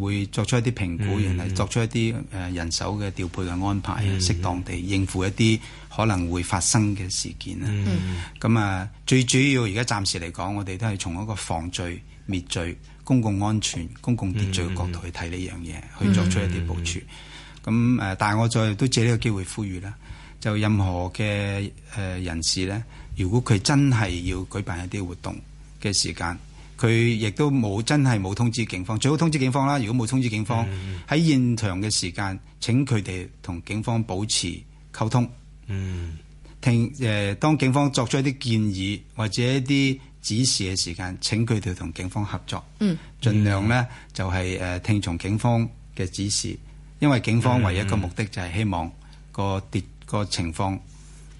會作出一啲評估，然後、mm hmm. 作出一啲誒人手嘅調配嘅安排，適、mm hmm. 當地應付一啲可能會發生嘅事件啦。咁啊、mm hmm.，最主要而家暫時嚟講，我哋都係從一個防罪滅罪、公共安全、公共秩序嘅角度去睇呢樣嘢，mm hmm. 去作出一啲部署。咁誒，但係我再，我再都借呢個機會呼籲啦。就任何嘅誒人士呢，如果佢真係要舉辦一啲活動嘅時間，佢亦都冇真係冇通知警方，最好通知警方啦。如果冇通知警方，喺、嗯、現場嘅時間，請佢哋同警方保持溝通。嗯，聽誒、呃，當警方作出一啲建議或者一啲指示嘅時間，請佢哋同警方合作。嗯，儘、嗯、量呢，就係、是、誒聽從警方嘅指示，因為警方唯一嘅目的就係希望、那個。跌。個情況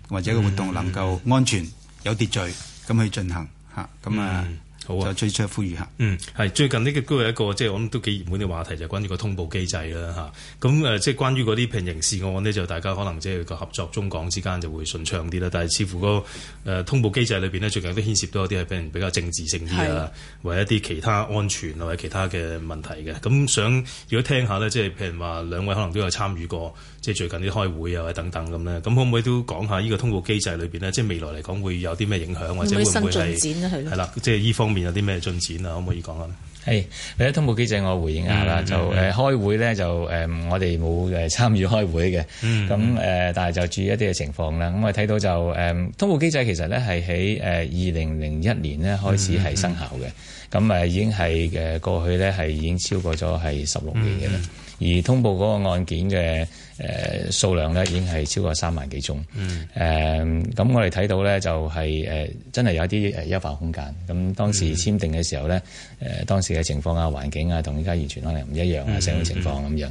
或者個活動能夠安全有秩序咁去進行吓，咁啊。嗯好啊，追出呼雨下。嗯，係最近呢個都係一個即係我諗都幾熱門嘅話題，就係、是、關於個通報機制啦嚇。咁、啊、誒，即係關於嗰啲平刑事案呢，就大家可能即係個合作中港之間就會順暢啲啦。但係似乎、那個誒、呃、通報機制裏邊呢，最近都牽涉到一啲係比較政治性啲啊，是或者一啲其他安全啊或者其他嘅問題嘅。咁、啊、想如果聽下呢，即係譬如話兩位可能都有參與過，即係最近啲開會啊或等等咁咧，咁可唔可以都講下呢個通報機制裏邊呢？即係未來嚟講會有啲咩影響或者會唔會係啦，即係呢方面。有啲咩進展啊？可唔可以講下咧？係，第一通報機制我回應下啦、mm hmm. 呃，就誒開會咧，就、呃、誒我哋冇誒參與開會嘅，咁誒、mm hmm. 但係、呃、就注意一啲嘅情況啦。咁我睇到就誒、呃、通報機制其實咧係喺誒二零零一年咧開始係生效嘅，咁啊、mm hmm. 已經係誒過去咧係已經超過咗係十六年嘅啦。Mm hmm. 而通報嗰個案件嘅。誒數、呃、量咧已經係超過三萬幾宗，誒咁、嗯呃、我哋睇到咧就係、是，誒、呃、真係有一啲誒優化空間。咁當時簽訂嘅時候咧。嗯嗯誒當時嘅情況啊、環境啊，同而家完全可能唔一樣啊，社會情況咁樣。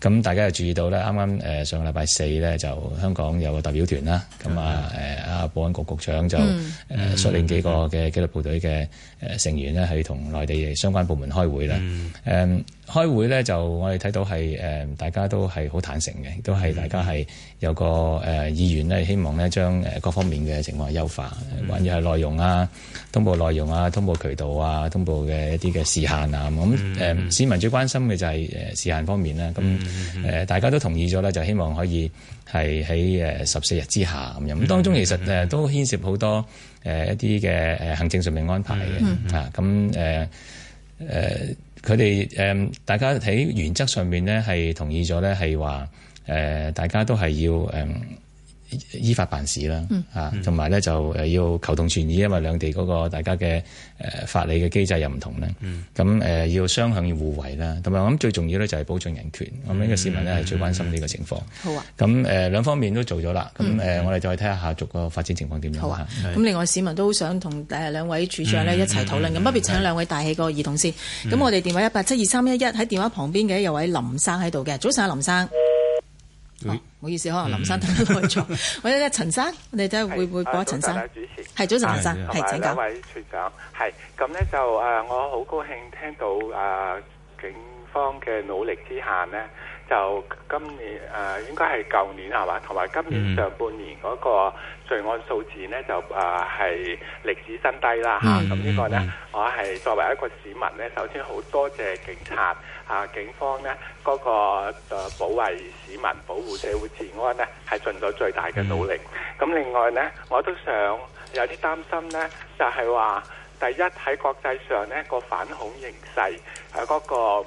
咁大家又注意到咧，啱啱誒上個禮拜四咧，就香港有個代表團啦。咁啊誒，啊保安局局長就誒率領幾個嘅紀律部隊嘅誒成員呢，去同內地相關部門開會啦。誒、嗯、開會咧，就我哋睇到係誒大家都係好坦誠嘅，都係大家係有個誒意願咧，希望咧將誒各方面嘅情況優化，或者係內容啊、通報內容啊、通報渠道啊、通報嘅。一啲嘅時限啊，咁誒、嗯嗯嗯、市民最關心嘅就係誒時限方面啦。咁誒、嗯嗯嗯、大家都同意咗咧，就希望可以係喺誒十四日之下咁樣，咁當中其實誒都牽涉好多誒一啲嘅誒行政上面安排嘅、嗯嗯嗯、啊。咁誒誒佢哋誒大家喺原則上面咧係同意咗咧，係話誒大家都係要誒。呃依法辦事啦，啊，同埋咧就誒要求同存異，因為兩地嗰個大家嘅誒法理嘅機制又唔同咧。咁誒、嗯啊、要雙向要互惠啦，同埋我諗最重要咧就係保障人權。咁呢個市民呢係最關心呢個情況。好啊、嗯。咁誒兩方面都做咗啦。咁誒我哋再睇下逐個發展情況點樣嚇。咁另外市民都想同誒兩位處長呢一齊討論。咁不如請兩位大氣個兒童先。咁、嗯、我哋電話一八七二三一一喺電話旁邊嘅有位林生喺度嘅。早晨，啊，林生。唔好意思，可能林生等得耐咗。或者陳生，你睇下會唔會播陳生？係早晨，早是林生，請教位處長。係咁咧，就誒我好高興聽到誒、啊、警方嘅努力之下咧。就今年誒、呃、應該係舊年係嘛，同埋今年上半年嗰個罪案數字咧就誒係歷史新低啦吓，咁、嗯啊、呢個咧，嗯、我係作為一個市民咧，首先好多謝警察嚇、啊、警方咧嗰、那個誒保衛市民、保護社會治安咧，係盡咗最大嘅努力。咁、嗯、另外咧，我都想有啲擔心咧，就係、是、話第一喺國際上咧、那個反恐形勢，喺、那、嗰個誒、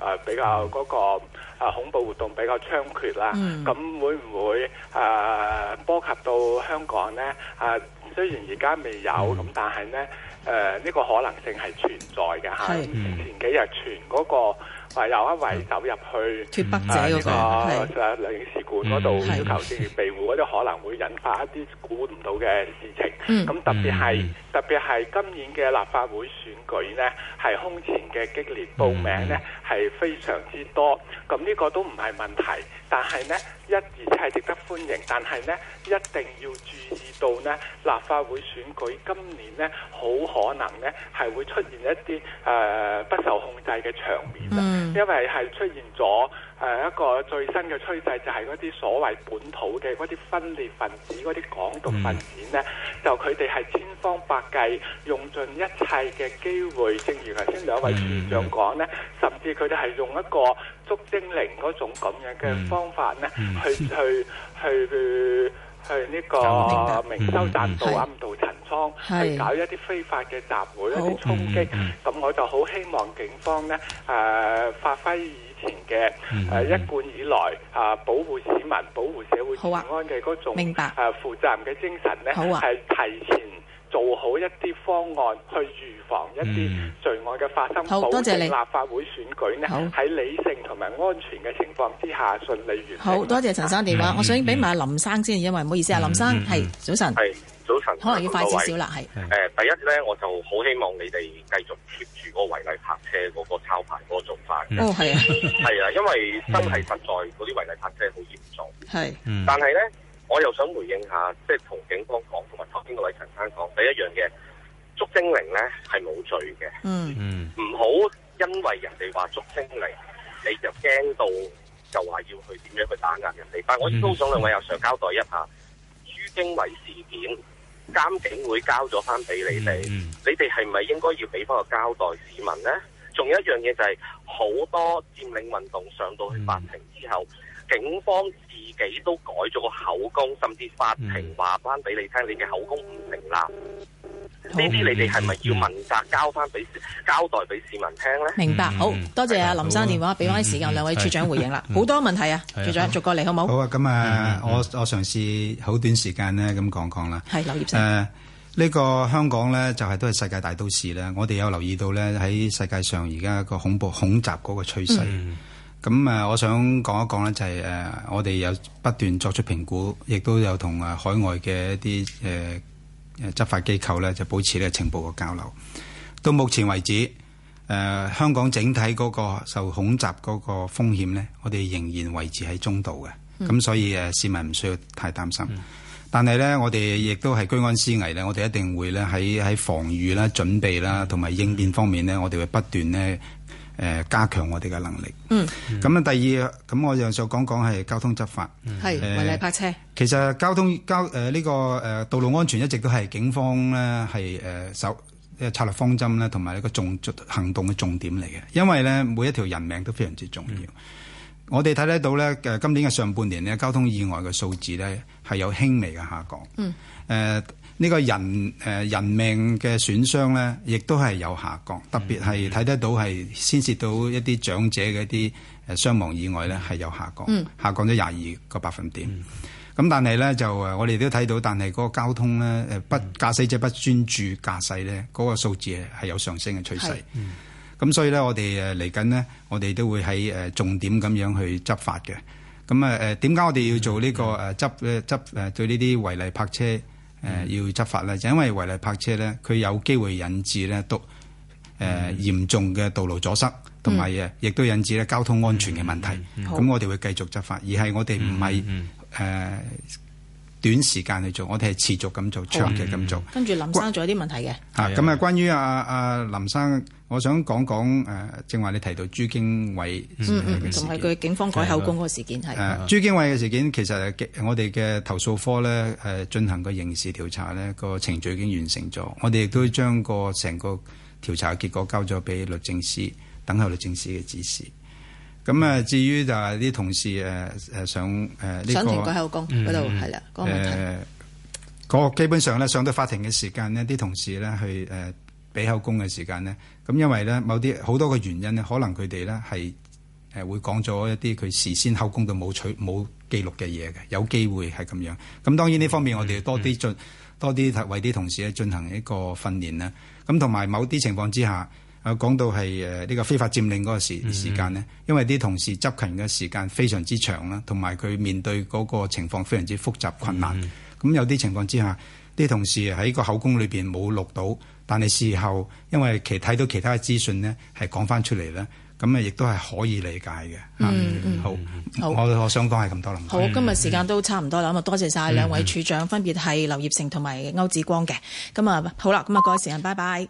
呃、比較嗰、那個。嗯啊！恐怖活動比較猖獗啦，咁、mm. 啊、會唔會啊波及到香港呢？啊，雖然而家未有，咁、mm. 但係呢，誒、啊、呢、呢個可能性係存在嘅係。前幾日傳嗰、那個。唯有一位走入去脫北者嗰、嗰個領事館嗰度要求政治庇護，嗰啲可能會引發一啲估唔到嘅事情。咁、嗯、特別係、嗯、特別係今年嘅立法會選舉呢，係空前嘅激烈，報名呢係、嗯、非常之多。咁呢個都唔係問題，但係呢，一而且係值得歡迎，但係呢一定要注意到呢，立法會選舉今年呢好可能呢係會出現一啲誒、呃、不受控制嘅場面、嗯因為係出現咗誒、呃、一個最新嘅趨勢，就係嗰啲所謂本土嘅嗰啲分裂分子、嗰啲港獨分子呢、嗯、就佢哋係千方百計，用盡一切嘅機會，正如頭先兩位處長講呢、嗯、甚至佢哋係用一個捉精靈嗰種咁樣嘅方法咧，去去、嗯嗯、去。 去呢、這個明，明修棧道暗度陳倉，去搞、嗯嗯、一啲非法嘅集會、好一啲衝擊，咁、嗯嗯嗯、我就好希望警方咧，誒、呃、發揮以前嘅誒、呃嗯嗯、一貫以來啊、呃、保護市民、保護社會平安嘅嗰種誒白、啊、負責任嘅精神咧，係、啊、提前。做好一啲方案去預防一啲罪案嘅發生，好多謝你，立法會選舉咧喺理性同埋安全嘅情況之下順利完。好多謝陳生電話，我想俾埋阿林生先，因為唔好意思啊，林生，係早晨，係早晨。可能要快少少啦，係誒，第一咧，我就好希望你哋繼續 keep 住嗰個違例泊車嗰個抄牌嗰個做法。哦，係，係啊，因為真係實在嗰啲違例泊車好嚴重。係，但係咧。我又想回應下，即係同警方講，同埋頭先個位陳生講，第一樣嘢，捉精靈咧係冇罪嘅。嗯嗯、mm，唔、hmm. 好，因為人哋話捉精靈，你就驚到就話要去點樣去打壓人哋。但係、mm hmm. 我亦都想兩位又想交代一下，朱、mm hmm. 經偉事件監警會交咗翻俾你哋，mm hmm. 你哋係咪應該要俾翻個交代市民咧？仲有一樣嘢就係、是、好多佔領運動上到去法庭之後。Mm hmm. 警方自己都改咗個口供，甚至法庭話翻俾你聽，你嘅口供唔成立。呢啲你哋係咪要問責交翻俾交代俾市民聽咧？明白，好多謝阿林生電話，俾翻啲時間兩位處長回應啦。好多問題啊，處長，逐個嚟好冇？好啊，咁啊，我我嘗試好短時間咧咁講講啦。係劉業成。誒，呢個香港咧就係都係世界大都市啦。我哋有留意到咧喺世界上而家個恐怖恐襲嗰個趨勢。咁、就是、啊，我想講一講咧，就係誒，我哋有不斷作出評估，亦都有同啊海外嘅一啲誒誒執法機構咧，就保持咧情報嘅交流。到目前為止，誒、啊、香港整體嗰個受恐襲嗰個風險咧，我哋仍然維持喺中度嘅，咁、嗯、所以誒、啊、市民唔需要太擔心。但係咧，我哋亦都係居安思危咧，我哋一定會咧喺喺防禦啦、準備啦，同埋應變方面咧，我哋會不斷咧。誒、呃，加強我哋嘅能力。嗯，咁啊，第二，咁我就想講講係交通執法，係違例泊車。其實交通交誒呢、呃這個誒道路安全一直都係警方咧係誒首策略方針咧，同埋一個重行動嘅重點嚟嘅。因為咧每一條人命都非常之重要。嗯、我哋睇得到咧，誒今年嘅上半年呢，交通意外嘅數字咧係有輕微嘅下降。嗯，誒。呢個人誒人命嘅損傷咧，亦都係有下降，特別係睇得到係牽涉到一啲長者嘅一啲誒傷亡以外咧，係有下降，下降咗廿二個百分點。咁但係咧就誒，我哋都睇到，但係嗰個交通咧誒，不駕駛者不專注駕駛咧，嗰個數字係有上升嘅趨勢。咁所以咧，我哋誒嚟緊呢，我哋都會喺誒重點咁樣去執法嘅。咁啊誒，點解我哋要做呢個誒執誒執誒對呢啲違例泊車？誒、呃、要執法咧，就因為違例泊車咧，佢有機會引致咧，道、呃、誒嚴重嘅道路阻塞，同埋誒亦都引致咧交通安全嘅問題。咁、嗯嗯、我哋會繼續執法，而係我哋唔係誒。嗯嗯呃短時間去做，我哋係持續咁做，好長期咁做。嗯、跟住林生仲有啲問題嘅。嚇，咁啊，關於阿、啊、阿、啊、林生，我想講講誒，正、啊、話你提到朱經緯同埋佢警方改口供個事件係、嗯的啊。朱經緯嘅事件其實我哋嘅投訴科咧誒、啊、進行個刑事調查咧個程序已經完成咗，我哋亦都將個成個調查嘅結果交咗俾律政司，等候律政司嘅指示。咁啊，至於就係啲同事誒誒上誒上庭改口供嗰度係啦，嗯嗰個問、嗯、基本上咧，上到法庭嘅時間呢，啲同事咧去誒俾口供嘅時間呢。咁因為咧某啲好多嘅原因呢，可能佢哋咧係誒會講咗一啲佢事先口供都冇取冇記錄嘅嘢嘅，有機會係咁樣。咁當然呢方面我哋要多啲進、嗯嗯、多啲為啲同事咧進行一個訓練啦。咁同埋某啲情況之下。啊，講到係誒呢個非法佔領嗰個時時間咧，因為啲同事執勤嘅時間非常之長啦，同埋佢面對嗰個情況非常之複雜困難。咁有啲情況之下，啲同事喺個口供裏邊冇錄到，但係事後因為其睇到其他嘅資訊呢，係講翻出嚟呢，咁啊，亦都係可以理解嘅。嗯嗯，好，我我想講係咁多啦。好，今日時間都差唔多啦。咁啊，多謝晒兩位處長，分別係劉業成同埋區志光嘅。咁啊，好啦，咁啊，各位市民，拜拜。